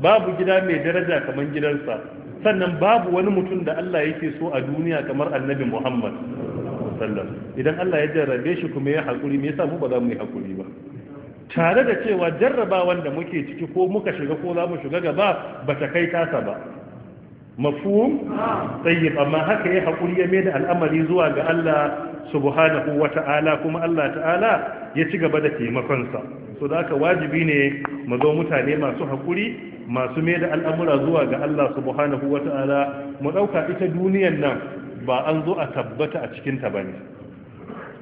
babu gida mai daraja kamar gidansa sannan babu wani mutum da Allah yake so a duniya kamar Annabi Muhammad sallallahu alaihi idan Allah ya jarabe shi kuma ya hakuri me yasa mu ba za mu yi hakuri ba tare da cewa jarrabawan da muke ciki ko muka shiga ko za mu shiga gaba ba ta kai tasa ba mafhum tayyib amma haka ya hakuri ya maida al'amari zuwa ga Allah subhanahu ta'ala kuma Allah ta'ala ya ci gaba da taimakonsa so da haka wajibi ne mu zo mutane masu hakuri masu maida al'amura zuwa ga Allah subhanahu ta'ala? mu ɗauka ita duniyar nan ba an zo a tabbata a cikin ta bane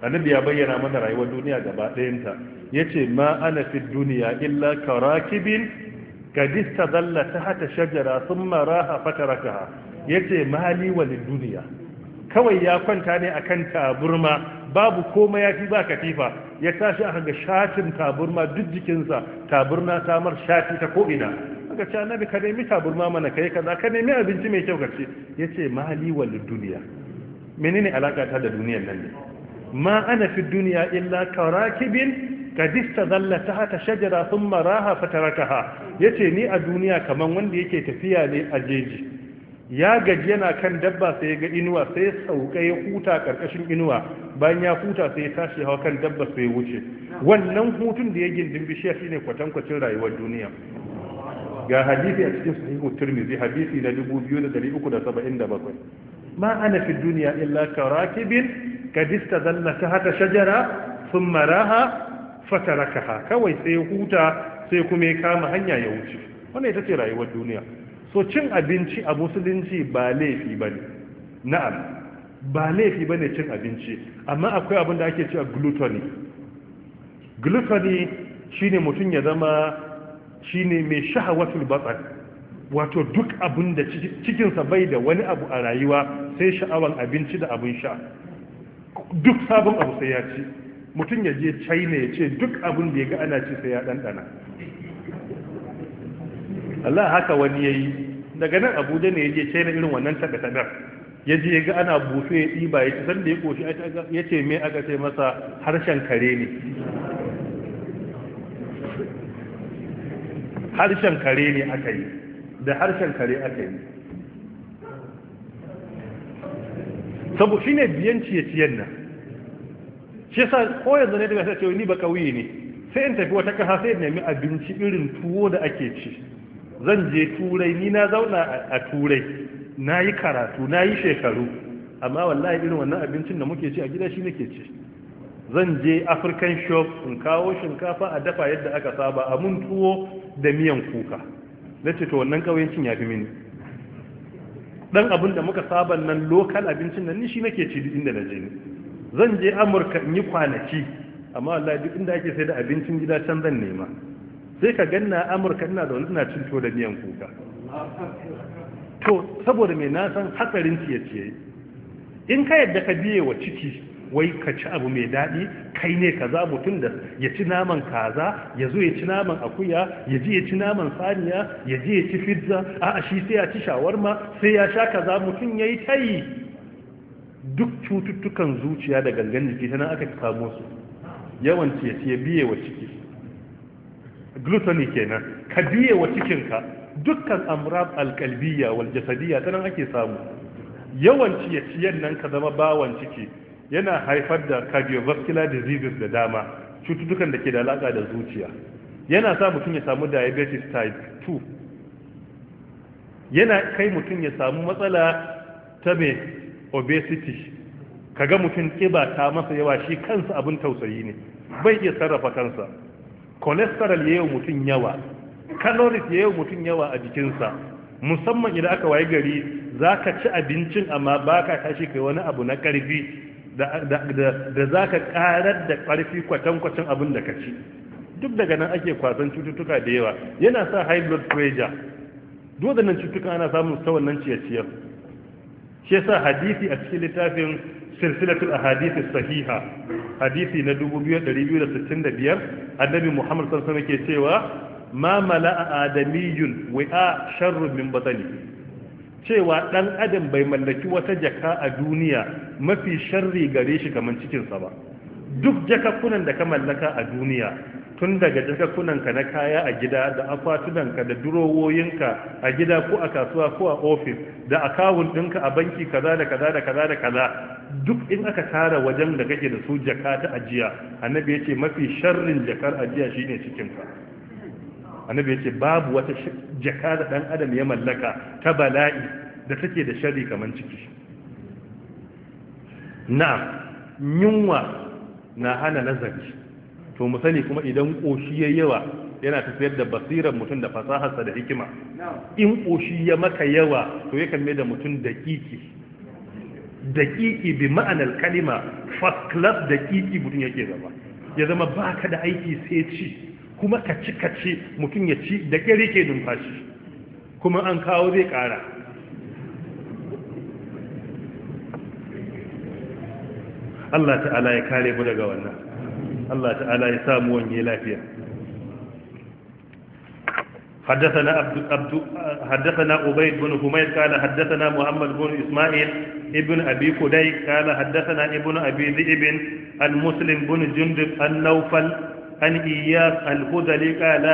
annabi ya bayyana mana rayuwar duniya gaba ɗayanta ce ma ana fi duniya illa karakibin ta zalla ta hata shajara sun maraha ha. ya ce mali walin duniya kawai ya kwanta ne a kan taburma babu komai ya fi ba katifa ya tashi aka ga shatin taburma duk jikinsa taburna ta mar shati ta ko'ina aka ce annabi ka nemi taburma mana kai kaza ka nemi abinci mai kyau kace ya ce mali walin duniya menene alaka ta da duniyar nan ne ma ana fi duniya illa karakibin kadista zalla ta shajara sun maraha fatarakaha ya ce ni a duniya kamar wanda yake tafiya ne a jeji ya gaji yana kan dabba sai ga inuwa sai ya sauka ya huta karkashin inuwa bayan ya huta sai ya tashi hawa kan dabba sai ya wuce wannan hutun da ya gindin bishiya shine kwatankwacin rayuwar duniya ga hadisi a cikin sahihu turmizi hadisi na 2377 ma ana fi duniya illa karakibin kadista zalla ta hata shajara sun maraha fatarakaha kawai sai ya huta sai kuma ya kama hanya ya wuce wannan ita ce rayuwar duniya so cin abinci a musulunci ba laifi ba ne. na'am ba laifi ba ne cin abinci amma akwai abin da ake cewa gluttony gluttony shine mutum ya zama shine mai shahawatul batsar wato duk abin da cikinsa bai da wani abu a rayuwa sai sha'awar abinci da abin sha duk sabon abu sai ya ci mutum ya je china ya ce duk abin da ya ga ana ci sai ya ɗanɗana Allah haka wani ya yi daga nan abuja ne ya je china irin wannan taɓe-taɓen ya je ya ga ana bufe ya ɗiba ya ci sanda ya ƙoshi ya ce me aka ce masa harshen kare ne harshen kare ne aka yi da harshen kare aka yi Sabu shi ne biyan ciye-ciyen nan shi yasa ko yanzu ne daga sai cewa ni ba kauye ne sai in tafi wata kasa sai in nemi abinci irin tuwo da ake ci zan je turai ni na zauna a turai na yi karatu na yi shekaru amma wallahi irin wannan abincin da muke ci a gida shi nake ci zan je african shop in kawo shinkafa a dafa yadda aka saba a mun tuwo da miyan kuka na ce to wannan cin ya fi mini dan abin da muka saba nan lokal abincin nan ni shi nake ci duk inda na je ni zan je amurka in yi kwanaki amma wallahi duk inda ake sai da abincin gida can zan nema sai ka ganna amurka ina da wani cin to da miyan kuka to saboda mai na san hatsarin ciye-ciye in ka yadda ka biye wa ciki wai ka ci abu mai daɗi kai ne kaza mutum da ya ci naman kaza ya zo ya ci naman akuya ya ji ya ci naman saniya ya ji ya ci fizza a'a shi sai ya ci shawarma sai ya sha kaza mutum ya yi tayi duk cututtukan zuciya da gangan jiki tana aka kamo su yawan ciye-ciye biye wa ciki glutoni kenan ka biye wa cikinka dukkan amrab alkalbiya wal jasadiyya ta ake samu yawan ciye-ciyen nan ka zama bawan ciki yana haifar da cardiovascular diseases da dama cututtukan da ke da alaka da zuciya yana sa mutum ya samu diabetes type 2 yana kai mutum ya samu matsala ta mai obesity kaga mutum ƙiba ta masa yawa shi kansa abin tausayi ne bai iya sarrafa kansa cholesterol yayin mutum yawa calories yayin mutum yawa a jikinsa musamman idan aka waye gari zaka ci abincin amma baka tashi kai wani abu na karfi da da da zaka karar da karfi kwatan kwatan abin da ka ci duk daga nan ake kwasan cututtuka da yawa yana sa high blood pressure duk nan cututtuka ana samun ta wannan ciyaciyar Ke sa hadisi a cikin littafin silsilatul ahadith sahiha hadisi na 2265 annabi Muhammad sallallahu alaihi wasallam ke cewa ma mala'a adamiyun wa'a sharrun min batni cewa dan adam bai mallaki wata jaka a duniya mafi sharri gare shi kaman cikin sa ba duk jakakunan da ka mallaka a duniya tun daga jakakunanka na kaya a gida da akwatunanka da durowoyinka a gida ko a kasuwa ko a ofis da akawun ɗinka a banki kaza da kaza da kaza da kaza duk in aka tara wajen da kake da su jaka ta ajiya annabi yace mafi sharrin jakar ajiya shine cikinka annabi yace babu wata jaka da dan adam ya mallaka ta bala'i da take da sharri kaman ciki na yunwa na hana nazari to mu sani kuma idan koshi ya yawa yana tafiyar da basirar mutum da fasaharsa da hikima in koshi ya maka yawa to ya kan da mutum daƙiƙi, daƙiƙi bi ma'anar kalima first daƙiƙi dakiki mutum yake zama ya zama baka da aiki sai ci kuma ka ci ka ci mutum ya ci da ke yake numfashi kuma an kawo zai ƙara. Allah ta'ala ya kare mu daga wannan Allah ta'ala ya samu wanye lafiya حدثنا عبد عبد حدثنا عبيد بن حميد قال حدثنا محمد بن اسماعيل ابن ابي خدي قال حدثنا ابن ابي ذئب عن مسلم بن جندب عن نوفل عن اياس الهذلي قال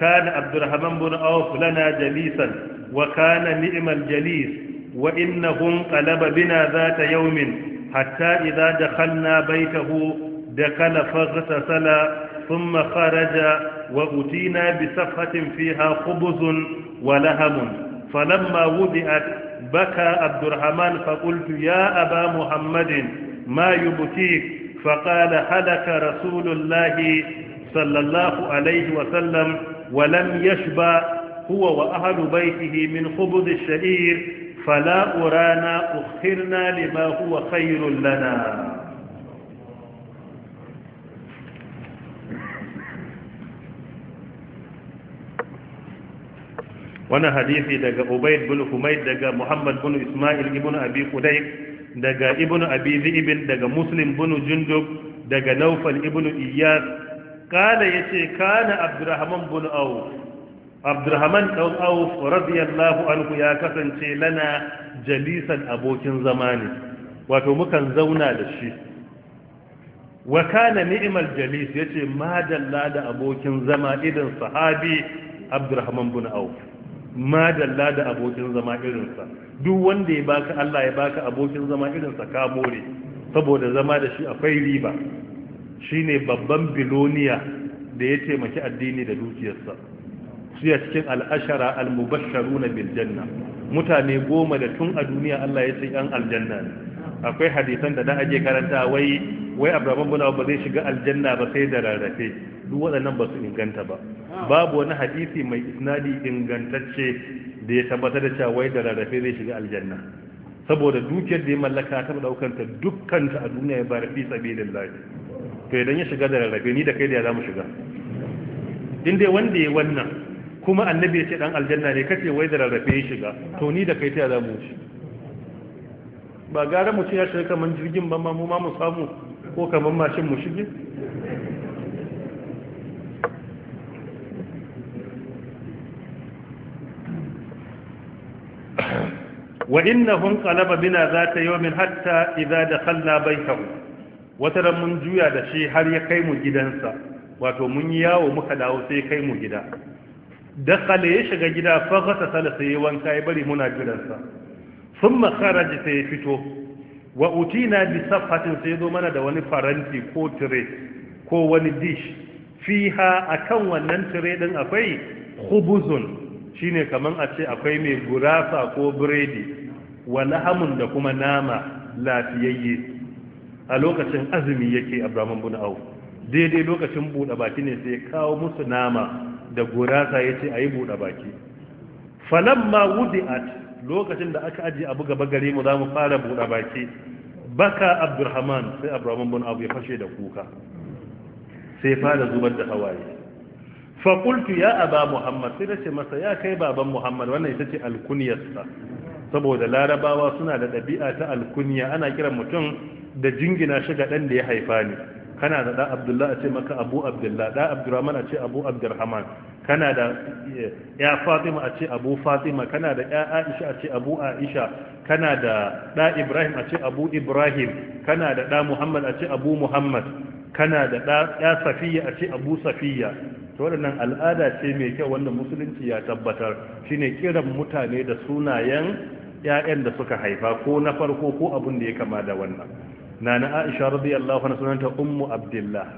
كان عبد الرحمن بن عوف لنا جليسا وكان نعم الجليس وانه انقلب بنا ذات يوم حتى اذا دخلنا بيته دخل فاغتسل ثم خرج وأتينا بصفحة فيها خبز ولهم فلما وضعت بكى عبد الرحمن فقلت يا أبا محمد ما يبكيك فقال هلك رسول الله صلى الله عليه وسلم ولم يشبع هو وأهل بيته من خبز الشعير فلا أرانا أخرنا لما هو خير لنا wannan hadisi daga ubayd bin Humaid, daga muhammad bin isma'il ibn abi qudayk daga ibn abi zibin daga muslim bin jundub daga naufal ibn iyad kala yace kana abdurrahman bin auf abdurrahman dan auf radiyallahu anhu ya kasance lana jalisan abokin zamani wato mukan zauna da shi wa kana ni'mal jalis yace ma da abokin zama idan sahabi abdurrahman bin auf madalla da abokin zama irinsa duk wanda ya baka Allah ya baka abokin zama irinsa ka more saboda zama da shi akwai riba shine babban biloniya da ya taimaki addini da dukiyarsa su ya cikin al'ashara al-mubasharu na biljanna mutane goma da tun a duniya Allah ya ce ‘yan aljanna ne akwai hadisan da na aje karanta wai wai abraman bulawa ba zai shiga aljanna ba sai da rarrafe duk waɗannan ba su inganta ba babu wani hadisi mai isnadi ingantacce da ya tabbatar da cewa wai da rarrafe zai shiga aljanna saboda dukiyar da ya mallaka ta daukan ta dukkan ta a duniya ya bar fi sabilillah to idan ya shiga da rarrafe ni da kai da ya zamu shiga in dai wanda ya wannan kuma annabi ya ce dan aljanna ne kace wai da rarrafe ya shiga to ni da kai ta ya zamu shi ba gara mu ce ya shiga kaman jirgin ba ma mu ma mu samu ko kaman mashin mu shige wa za ta bina wa min hatta da kalla bai kawo wata ran mun juya da shi har ya kai mu gidansa wato mun yi yawo muka dawo sai kai mu gida da dakhala ya shiga gida fa gata sala wanka ya bari muna gidansa. Sun makara ji sai ya fito wa utina bi safatin sai zo mana da wani faranti ko tire ko wani dish fiha kan wannan tire din akwai khubuzun shine kamar a ce akwai mai gurasa ko biredi wa lahamun da kuma nama lafiyayye a lokacin azumi yake abraman bin au daidai lokacin buɗe baki ne sai kawo musu nama da gurasa ya ce a yi buɗe baki falamma at lokacin da aka ajiye abu gaba gare mu za mu fara buɗe baki baka abdurrahman sai abraman bin auf ya fashe da kuka sai fara zubar da hawaye faƙultu ya aba muhammad sai da ce masa ya kai baban muhammad wannan ita ce alkuniyarsa saboda larabawa suna da ɗabi'a ta alkuniya ana kiran mutum da jingina shiga ɗan da ya haifa ne kana da ɗa abdullahi a ce maka abu abdullahi ɗa abdurrahman a ce abu abdurrahman kana da eh, ya fatima a ce abu fatima kana da ya aisha a ce abu aisha kana da ɗa ibrahim a ce abu ibrahim kana da ɗa muhammad a ce abu muhammad kana da ɗa ya safiya a ce abu safiya to waɗannan al'ada ce mai kyau wanda musulunci ya tabbatar shine kiran mutane da sunayen yayan da suka haifa ko na farko ko abin da ya kama da wannan na Aisha radiyallahu Wani sunanta ummu Abdullah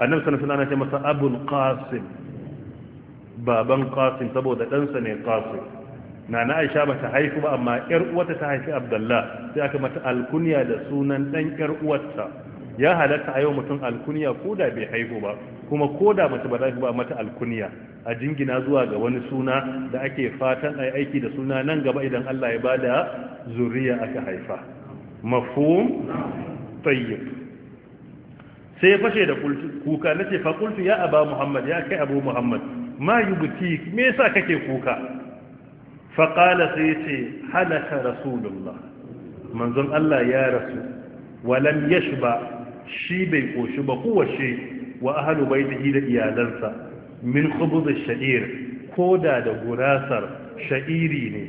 annabi sallallahu sunana ce masa Abun qasim baban qasim saboda ɗansa ne qasim na Aisha bata haifu ba amma 'yar uwarta ta haifi Abdullah sai aka mata alkunya da sunan ɗan yar uwarta ya halatta a yau mutum alkunya ko da bai haihu ba kuma ko da mace ba za ba mata alkuniya a jingina zuwa ga wani suna da ake fatan a aiki da suna nan gaba idan Allah ya bada da zuriya aka haifa mafhum tayyib sai fashe da kuka nace fa qultu ya aba muhammad ya kai abu muhammad ma yubti me yasa kake kuka fa qala sai yace halaka rasulullah manzon Allah ya rasu walam yashba shi bai koshi ba kowace wa ahlu baitihi da iyalansa min khubuz ash-sha'ir koda da gurasar sha'iri ne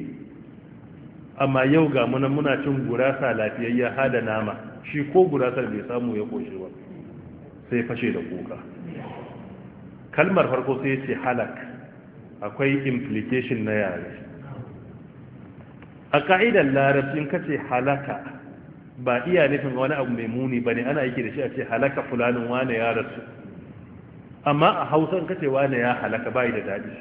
amma yau ga muna muna cin gurasa lafiyayya hada nama shi ko gurasar bai samu ya koshe ba sai fashe da kuka kalmar farko sai ce halak akwai implication na yare a ka'idar larabcin kace halaka ba iya nufin wani abu mai muni ba ne ana yake da shi a ce halaka fulanin wane ya rasu amma a hausa in kace wane ya halaka bai da daɗi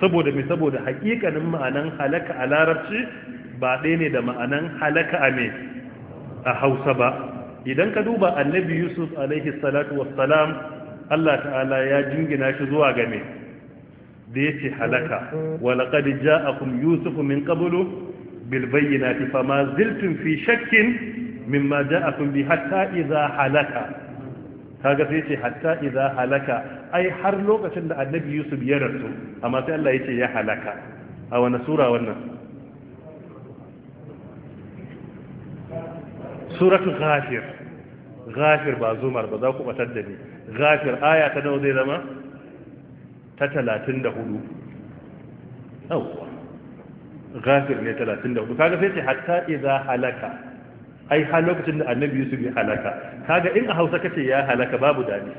saboda me saboda hakikanin ma'anan halaka a larabci ba ɗaya ne da ma'anan halaka a me a hausa ba idan ka duba annabi yusuf alaihi salatu wassalam allah ta'ala ya jingina shi zuwa ga me da ya ce halaka laqad ja'akum yusuf min qablu bil bayyinati fama ziltum fi shakkin mimma ja'akum bi hatta idza halaka kaga sai ce hatta idza halaka ai har lokacin da annabi yusuf ya rasu amma sai Allah yace ya halaka a wani sura wannan suratul ghafir ghafir ba zumar ba za ku batar da ni ghafir aya ta nawa zai zama ta 34 yawwa ghafir ne 34 kaga sai ce hatta idza halaka ai har lokacin da annabi yusuf ya halaka kaga in a hausa kace ya halaka babu daɗi.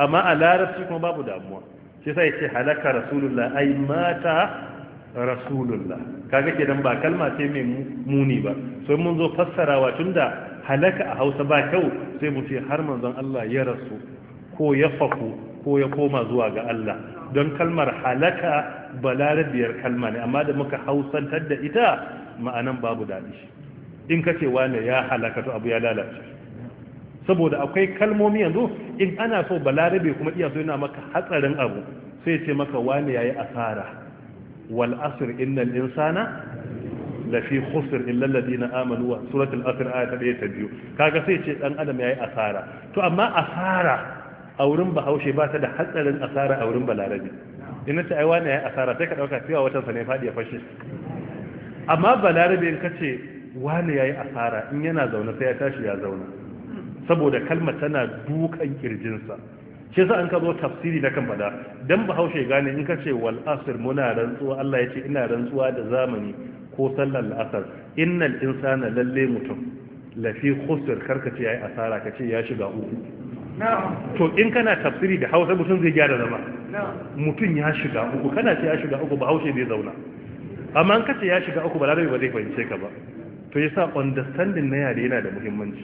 amma a larabci kuma babu damuwa shi sai ce halaka rasulullah ai mata rasulullah kaga kenan ba kalma ce mai muni ba Sai mun zo fassarawa tunda halaka a hausa ba kyau sai mu ce har manzon Allah ya rasu ko ya faku ko ya koma zuwa ga Allah don kalmar halaka larabiyar kalma ne amma da muka hausantar da ita ma'anan babu dadi in kace wane ya halaka to abu ya lalace saboda akwai kalmomi yanzu in ana so balarabe kuma iya so yana maka hatsarin abu sai ce maka wani yayi asara wal asr innal insana lafi khusr illa alladhina amanu wa al asr ayat 1 ta biyu kaga sai ce dan adam yayi asara to amma asara a wurin bahaushe ba ta da hatsarin asara a wurin balarabe in ta ai wani yayi asara sai ka dauka cewa watan sa ne fadi ya fashe amma balarabe in kace wani yayi asara in yana zaune sai ya tashi ya zauna saboda kalmar tana dukan kirjinsa shi sa an ka zo tafsiri na kan fada dan bahaushe gane in ka ce wal asr muna rantsuwa Allah ya ce ina rantsuwa da zamani ko sallar asar innal insana lalle mutum lafi khusr karka ce yayi asara ka ce ya shiga uku to in kana tafsiri da Hausa mutum zai gyara zama mutum ya shiga uku kana ce ya shiga uku bahaushe zai zauna amma an kace ya shiga uku balarabe ba zai fahimce ka ba to yasa understanding na yare yana da muhimmanci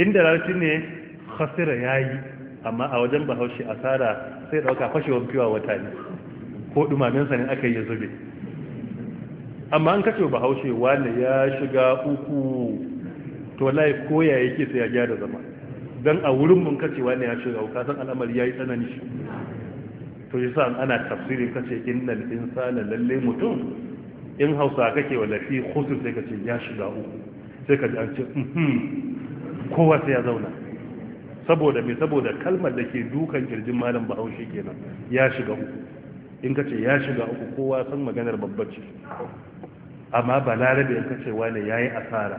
inda larabci ne hasira ya yi, amma a wajen bahaushe asara sai dauka fashewar fiwa wata ne ko ɗumaminsa ne aka yi zube amma an kace bahaushe wani ya shiga uku to lai koya yake sai ya gyara zama don a wurin mun kace wani ya shiga uku san al'amari ya yi tsanani to sa ana tafsirin kace innal insana lalle mutum in hausa kake wa lafi khusus sai kace ya shiga uku sai ka ji an ce uhm, kowa sai ya zauna saboda me saboda kalmar da ke dukan kirjin malam bahaushe kenan ya shiga uku in ka ce ya shiga uku kowa san maganar babbar ce amma ba larabe in ka ce wane ya yi asara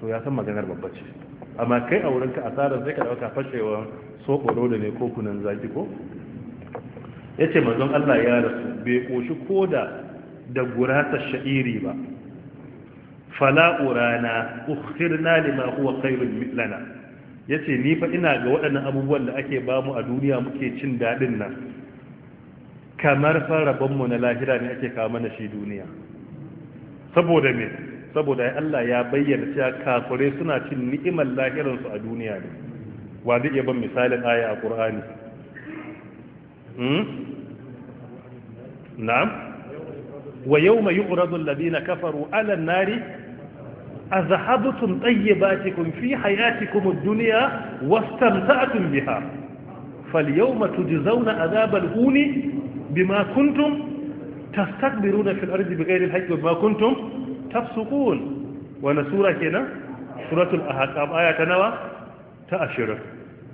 to ya san maganar babbar ce amma kai a wurinka asarar zai ka dauka fashewa soɓoro da ne ko zaki ko ya ce mazan allah ya rasu bai ƙoshi ko da da gurasa sha'iri ba fala urana ukhsirna lima huwa khairun lana yace ni fa ina ga waɗannan abubuwan da ake ba mu a duniya muke cin dadin nan kamar fara mu na lahira ne ake kawo mana shi duniya saboda me saboda Allah ya bayyana cewa kafirai suna cin ni'imar lahiran su a duniya ne wa zai iya ban misalin aya a Qur'ani hmm na'am wa yawma yu'radu alladhina kafaru 'ala an-nari a zahabutun ɗaye ba cikin fi hayati kuma duniya wasta sa’atun biha falyau matu ji zauna a zabar huni bi makuntun ta stagbiru na fil arziki gairin haƙƙin makuntun ta wani sura ke nan suratun a haƙaɓa ta nawa ta ashirin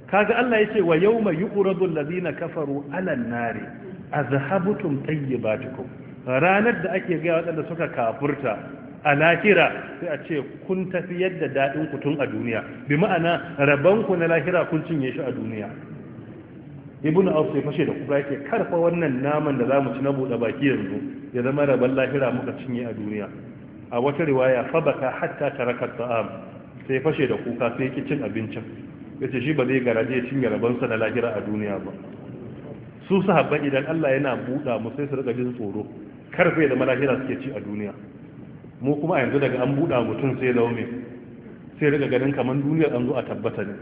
kaga allah ya ce wa yau mai yi ƙuradun lazi na kafaru alan nari a zahabutun ɗaye ba cikin ranar da ake gaya waɗanda suka kafurta a lahira sai a ce kun tafi yadda daɗin ku tun a duniya bi ma'ana rabanku na lahira kun cinye shi a duniya ibnu auf sai fashe da kuka yake karfa wannan naman da zamu ci na buɗe baki yanzu ya zama rabon lahira muka cinye a duniya a wata riwaya fabaka hatta taraka ta'am sai fashe da kuka sai ki cin abincin yace shi ba zai garaje ya cinye sa na lahira a duniya ba su sahabban idan Allah yana buɗa mu sai su riga jin tsoro karfe da malahira suke ci a duniya mu kuma yanzu daga an buɗa mutum sai laume sai daga ganin kamar duniyar an zo a tabbata ne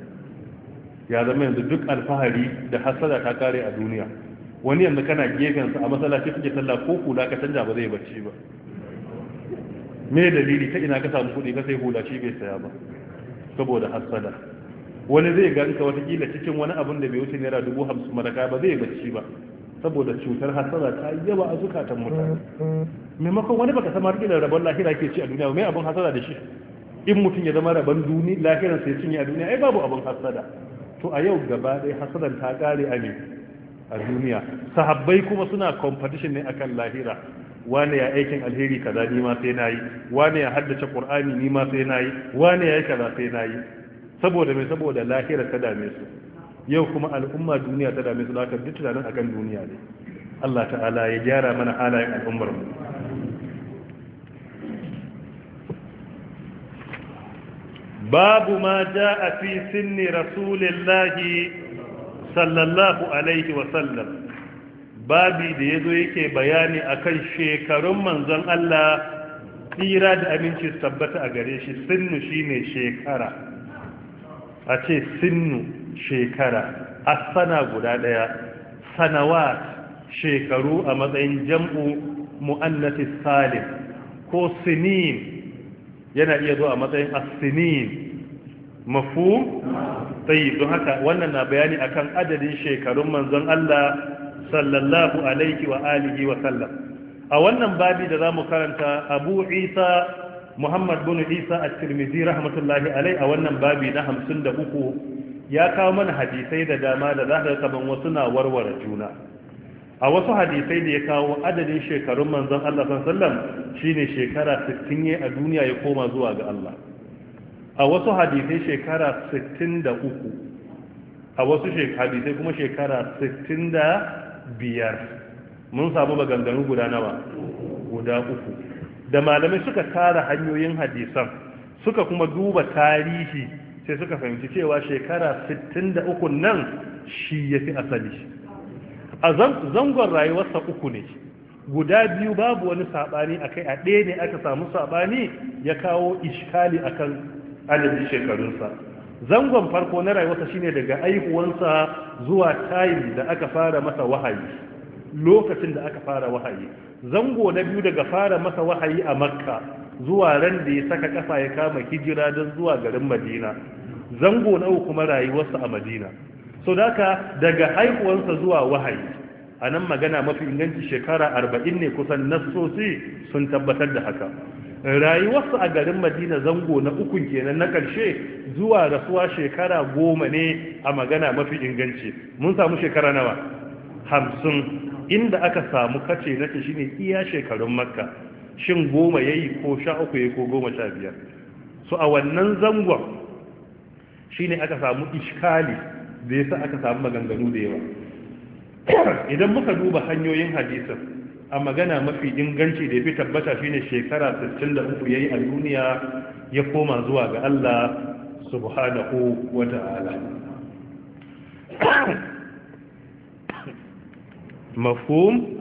ya zama yanzu duk alfahari da hasada ta kare a duniya wani yanzu kana gefensa a masallaci suke sallah ko hula ka canja ba zai bacci ba me dalili ta ina ka samu kuɗi ka sai hula shi bai saya ba saboda hasada wani zai ganka watakila cikin wani abin da bai wuce naira dubu hamsin maraka ba zai bacci ba saboda cutar hasara ta yawa a zukatan mutane mm-hmm. maimakon wani baka samar gina rabon lahira ke ci a duniya mai abin hasara da shi in mutum ya zama rabon duni lahiran sai cinye a duniya ai babu abin hasara to a yau gaba ɗaya hasaran ta ƙare a ne a duniya sahabbai kuma suna competition ne akan lahira wane ya aikin alheri kaza ni ma sai nayi wane ya haddace qur'ani ni ma sai nayi wane ya yi kaza sai nayi saboda me saboda lahira ta dame su yau kuma al'umma duniya ta dame su da duk tunanin akan duniya ne Allah ta'ala ya gyara mana halayen al'ummar mu babu ma jaa fi sinni rasulillahi sallallahu alaihi wa sallam babi da yazo yake bayani akan shekarun manzon Allah tsira da aminci tabbata a gare shi sinnu shine shekara a ce sinnu shekara asana guda ɗaya sanawat shekaru a matsayin jam'u mu'annati salim ko sinin yana iya zuwa a matsayin as-sinin mafhum don haka wannan na bayani akan adadin shekarun manzon Allah sallallahu alaihi wa alihi wa sallam a wannan babi da zamu karanta Abu Isa Muhammad bin Isa a tirmidhi rahmatullahi alai a wannan babi na uku. ya kawo mana hadisai da dama da za ka kaman wasu na warware juna a wasu hadisai da ya kawo adadin shekarun manzon Allah wasallam shine shekara 60 ne a duniya ya koma zuwa ga Allah a wasu hadisai shekara 63 a wasu hadisai kuma shekara 65 mun samu maganganu guda nawa guda uku da malamai suka tara hanyoyin hadisan suka kuma duba tarihi sai suka fahimci cewa shekara 63 nan shi ya fi asali a zangon rayuwarsa uku ne guda biyu babu wani saɓani a kai a ɗaya ne aka samu saɓani ya kawo ishkali a kan adadin shekarunsa zangon farko na rayuwarsa shine daga aihuwansa zuwa tayin da aka fara masa wahayi lokacin da aka fara wahayi zango na biyu daga fara masa wahayi a makka zuwa ran da ya saka kasa ya kama hijira don zuwa garin madina zango na uku kuma rayuwarsa a madina so daga haihuwarsa zuwa wahayi a nan magana mafi inganci shekara arba'in ne kusan nassosi sun tabbatar da haka rayuwarsa a garin madina zango na ukun kenan na ƙarshe zuwa rasuwa shekara goma ne a magana mafi inganci mun samu shekara nawa hamsin inda aka samu kace nake shine iya shekarun makka shin goma ya yi ko sha uku ya ko goma sha biyar Su a wannan zangon shi ne aka samu ishkali da ya sa aka samu maganganu da yawa idan muka duba hanyoyin hadisin a magana mafi inganci da ya fi tabbata ne shekara 63 ya yi a duniya ya koma zuwa ga Allah subhanahu wa ta'ala mafum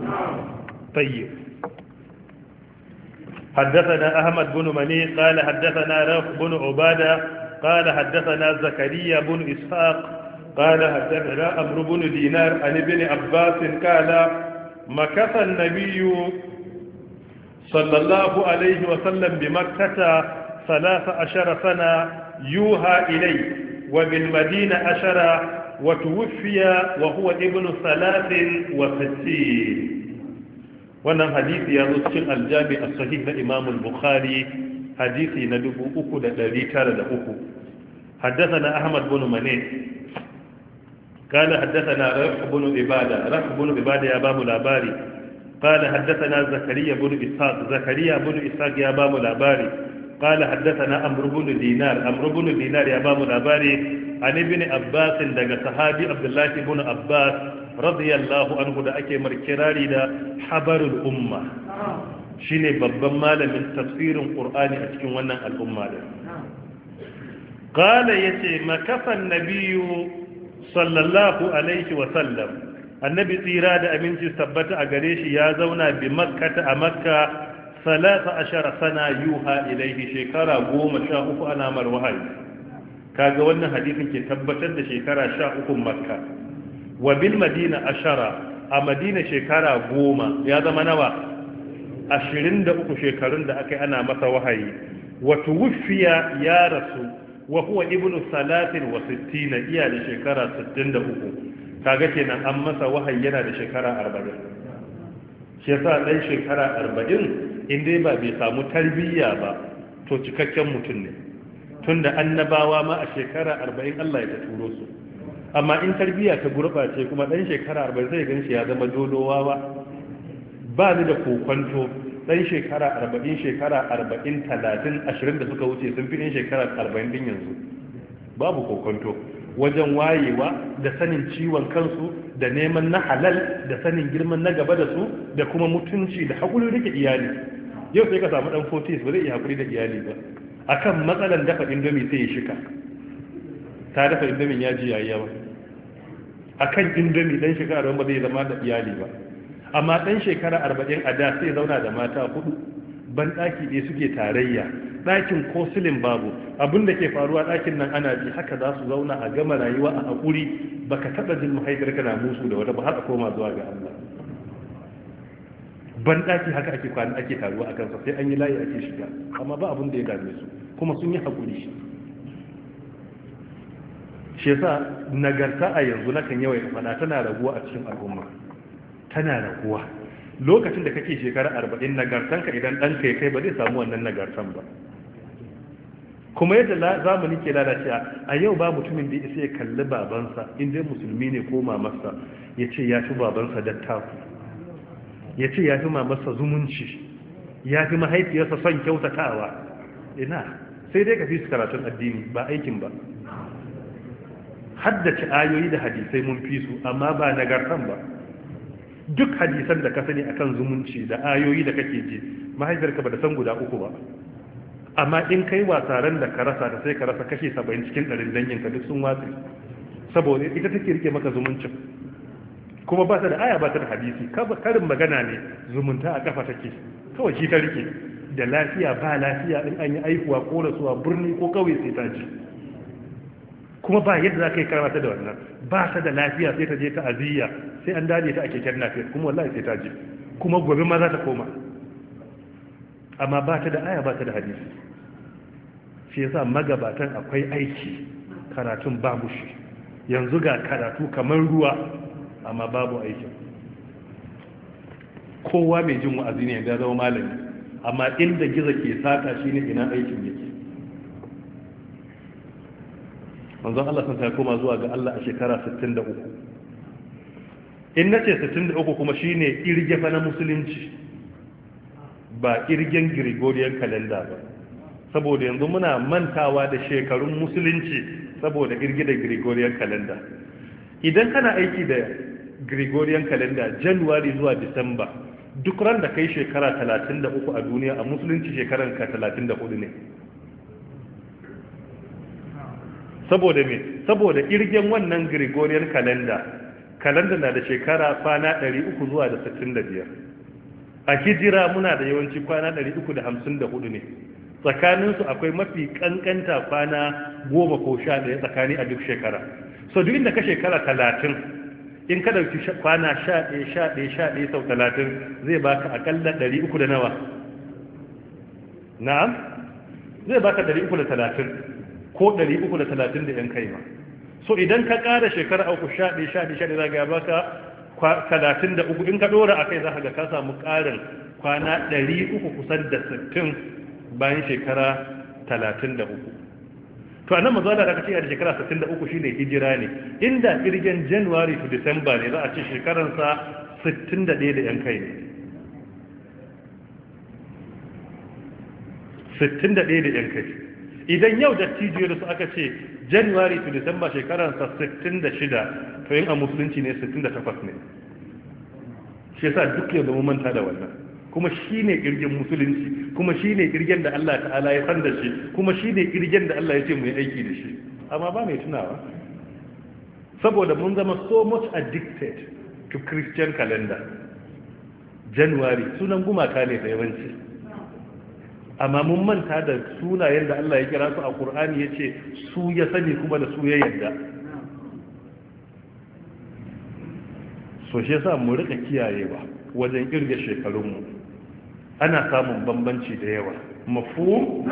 tayyib حدثنا أحمد بن مني قال حدثنا رف بن عبادة قال حدثنا زكريا بن إسحاق قال حدثنا أمر بن دينار عن ابن عباس قال مكث النبي صلى الله عليه وسلم بمكة ثلاث عشر سنة يوها إليه وبالمدينة عشر وتوفي وهو ابن ثلاث وستين wannan hadisi ya zo cikin aljami a sahih na imam bukhari hadisi na 3,903 haddasa ahmad bin mane قال حدثنا na بن عبادة رفع بن عبادة يا باب العباري قال حدثنا زكريا بن إسحاق زكريا بن إسحاق يا باب العباري قال حدثنا أمر بن دينار أمر بن دينار يا باب العباري عن ابن عباس لدى صحابي عبد الله بن radiyallahu anhu da ake markirari da habarul umma shine babban malamin tafsirin qur'ani a cikin wannan al'umma da qala yace makafan nabiyyu sallallahu alaihi wa sallam annabi tsira da aminci tabbata a gare shi ya zauna bi makkata a makka salasa ashara sana yuha ilaihi shekara goma sha uku ana mar wahayi kaga wannan hadisin ke tabbatar da shekara sha uku makka wa bil madina ashara a madina shekara goma ya zama nawa ashirin da uku shekarun da aka yi ana masa wahayi wata wufiya ya rasu wa huwa ibnu salatin wa sittina iya da shekara sittin da uku kaga kenan an masa wahayi yana da shekara arba'in shi yasa ɗan shekara arba'in in dai ba bai samu tarbiyya ba to cikakken mutum ne tunda annabawa ma a shekara arba'in allah ya ta turo su amma in tarbiyya ta gurɓace kuma ɗan shekara arba'in zai gan shi ya zama dodowa ba ba ni da kokwanto ɗan shekara arba'in shekara arba'in talatin ashirin da suka wuce sun fi ɗan shekara arba'in din yanzu babu kokwanto wajen wayewa da sanin ciwon kansu da neman na halal da sanin girman na gaba da su da kuma mutunci da haƙuri rike iyali yau sai ka samu ɗan 40 ba zai iya haƙuri da iyali ba akan matsalan dafa indomi sai ya shika ta dafa indomin ya ji yayi yawa kan indomi dan shekara arba'in ba zai zama da iyali ba amma dan shekara arba'in a da sai zauna da mata hudu ban daki ɗaya suke tarayya ɗakin ko silin babu abin da ke faruwa ɗakin nan ana ji haka za su zauna a gama rayuwa a haƙuri baka taɓa jin mahaifiyarka na musu da wata ba har koma zuwa ga Allah ban daki haka ake kwana ake taruwa a kansa sai an yi layi ake shiga amma ba abin da ya dame su kuma sun yi haƙuri shi yasa nagarta a yanzu nakan yawai fada tana raguwa a cikin al'umma tana raguwa lokacin da kake shekara arba'in nagartanka idan ɗanka ya kai ba zai samu wannan nagartan ba kuma yadda zamani ke lalacewa a yau ba mutumin da isa ya kalli babansa in dai musulmi ne ko mamarsa ya ce ya fi babansa dattaku ya ce ya fi mamarsa zumunci ya fi mahaifiyarsa son kyautatawa ina sai dai ka fi su karatun addini ba aikin ba haddace ayoyi da hadisai mun fi su amma ba na nagartan ba duk hadisan da ka sani akan zumunci da ayoyi da kake ji mahaifiyarka ba da san guda uku ba amma in kai wasaran da ka rasa da sai ka rasa kashe saba'in cikin ɗarin ka duk sun watsi saboda ita take rike maka zumuncin kuma ba ta da aya ba ta da hadisi karin magana ne zumunta a kafa take kawai shi ta rike da lafiya ba lafiya in an yi aihuwa ko rasuwa birni ko kawai sai ta ji kuma ba yadda za ka yi karata da wannan ba ta da lafiya sai ta je ta aziyya sai an daje ta ake lafiya, kuma wallahi sai ta je kuma gobe ma za ta koma amma ba ta da aya ba ta da hadisi shi yasa magabatan akwai aiki karatun babu shi yanzu ga karatu kamar ruwa amma babu aikin kowa mai jin wa'azi ne ya zama malami amma inda gizo ke saka ne ina aikin yake manzon Allah sun ya koma zuwa ga Allah a shekara 63 in nace 63 kuma shine irge fa na musulunci ba irgen Gregorian calendar ba saboda yanzu muna mantawa da shekarun musulunci saboda irge da Gregorian calendar idan kana aiki da Gregorian calendar January zuwa December duk ran da kai shekara 33 a duniya a musulunci shekaran ka 34 ne saboda me saboda irgen wannan gregorian kalenda kalenda na da shekara kwana 300 zuwa da 65 a hijira muna da yawanci kwana 354 ne tsakaninsu akwai mafi kankanta kwana goma ko sha daya tsakani a duk shekara so duk inda ka shekara talatin in ka ɗauki kwana sha ɗaya sha ɗaya sha sau talatin zai baka akalla dari uku da nawa na'am zai baka dari uku da talatin ko 330 da yan kai ba so idan ka ƙara shekara uku sha ɗaya sha ɗaya sha ɗaya za ga baka talatin da uku in ka ɗora a kai za ka ga ka samu ƙarin kwana ɗari uku kusan da sittin bayan shekara talatin da uku to a nan mazala da aka ce a shekara sittin da uku shine hijira ne inda kirgen january to december ne za a ce shekaransa sittin da ɗaya da yan kai ne sittin da ɗaya da yan kai idan yau dattijo da su aka ce january to december sa 66 to yin a musulunci ne 68 ne shi yasa duk yau da mu manta da wannan kuma shi ne kirgin musulunci kuma shi ne kirgin da Allah ta'ala ya san da shi kuma shi ne kirgin da Allah ya ce mu yi aiki da shi amma ba mai tunawa saboda mun zama so much addicted to christian calendar january sunan gumaka ne da yawanci amma mun manta da sunayen da Allah ya kira su a Qur'ani yace su ya sani kuma da su ya yarda so shi yasa mu rika kiyayewa wajen shekarun shekarunmu ana samun bambanci da yawa mafhum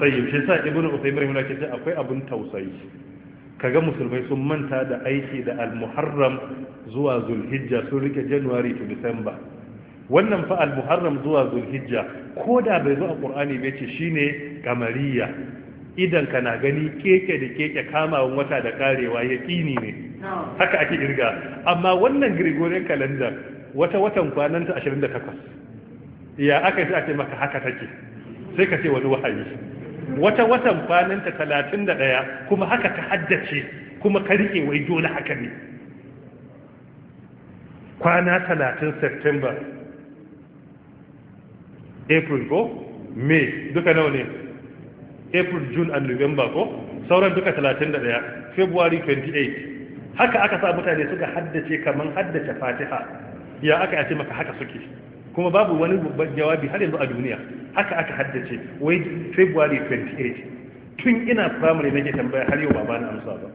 sai shi yasa ibnu usaymin rahimahullah ce akwai abun tausayi kaga musulmai sun manta da aiki da al-muharram zuwa zulhijja sun rike january to december wannan fa al-muharram zuwa zulhijja ko da bai zo a qur'ani bai ce shine kamariya idan ka na gani keke da keke kamawan wata da karewa ya kini ne haka ake irga amma wannan gregorian calendar wata watan kwanan ta 28 ya aka ce ake maka haka take sai ka ce wani wahayi wata watan kwanan ta 31 kuma haka ta haddace kuma ka rike wai dole haka ne kwana 30 September april ko may duka nawa ne april june and november ko sauran duka 31 february 28 haka aka sa mutane suka haddace kaman haddace fatiha ya aka yace maka haka suke kuma babu wani jawabi har yanzu a duniya haka aka haddace wai february 28 tun ina primary nake tambaya har yau baba na amsa ba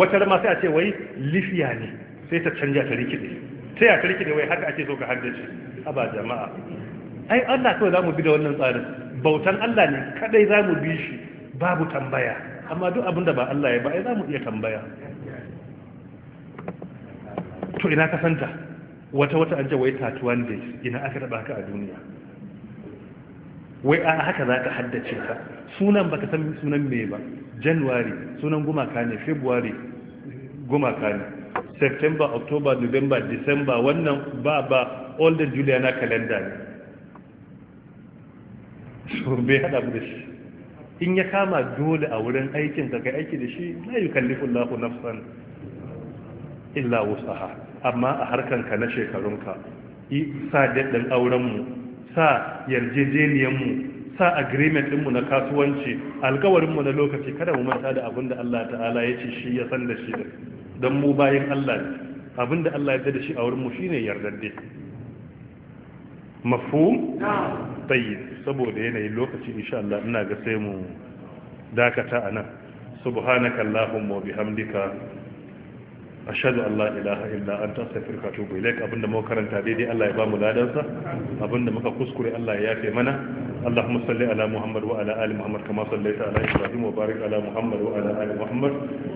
wata rama sai a ce wai lifiya ne sai ta canja ta rikide sai a rikide wai haka ake so ka haddace a ba jama'a ai Allah kawai za mu bi da wannan tsarin bautan Allah ne kadai za mu bi shi babu tambaya amma duk abin da ba Allah ya ba ai za mu iya tambaya to ina ka santa wata wata an ce wai 31 days ina aka raba ka a duniya wai a haka za ka haddace ka sunan baka san sunan me ba january sunan gumaka ne february gumaka ne september october november december wannan ba ba all the juliana calendar ne bai haɗa da shi in ya kama dole a wurin aikin ka kai aiki da shi la yukallifu na nafsan illa wusaha amma a harkar ka na shekarunka sa daɗin aurenmu, sa yarjejeniyanmu, mu sa agreement ɗinmu na kasuwanci alkawarinmu na lokaci kada mu manta da abin da Allah ta'ala ya ce shi ya san da shi don mu bayan Allah ne abin da Allah ya da shi a wurinmu shine yardadde mafhum tayyib saboda yanayin lokaci insha Allah ina ga sai mu dakata anan nan allahumma wa bihamdika ashhadu an la ilaha illa anta astaghfiruka wa atubu ilaik abinda muka karanta daidai Allah ya ba mu ladan abinda muka kuskure Allah ya yafe mana اللهم صل على محمد وعلى ال محمد كما صليت على ابراهيم وبارك على محمد وعلى ال محمد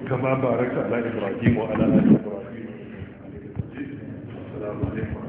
كما باركت على ابراهيم وعلى ال ابراهيم السلام عليكم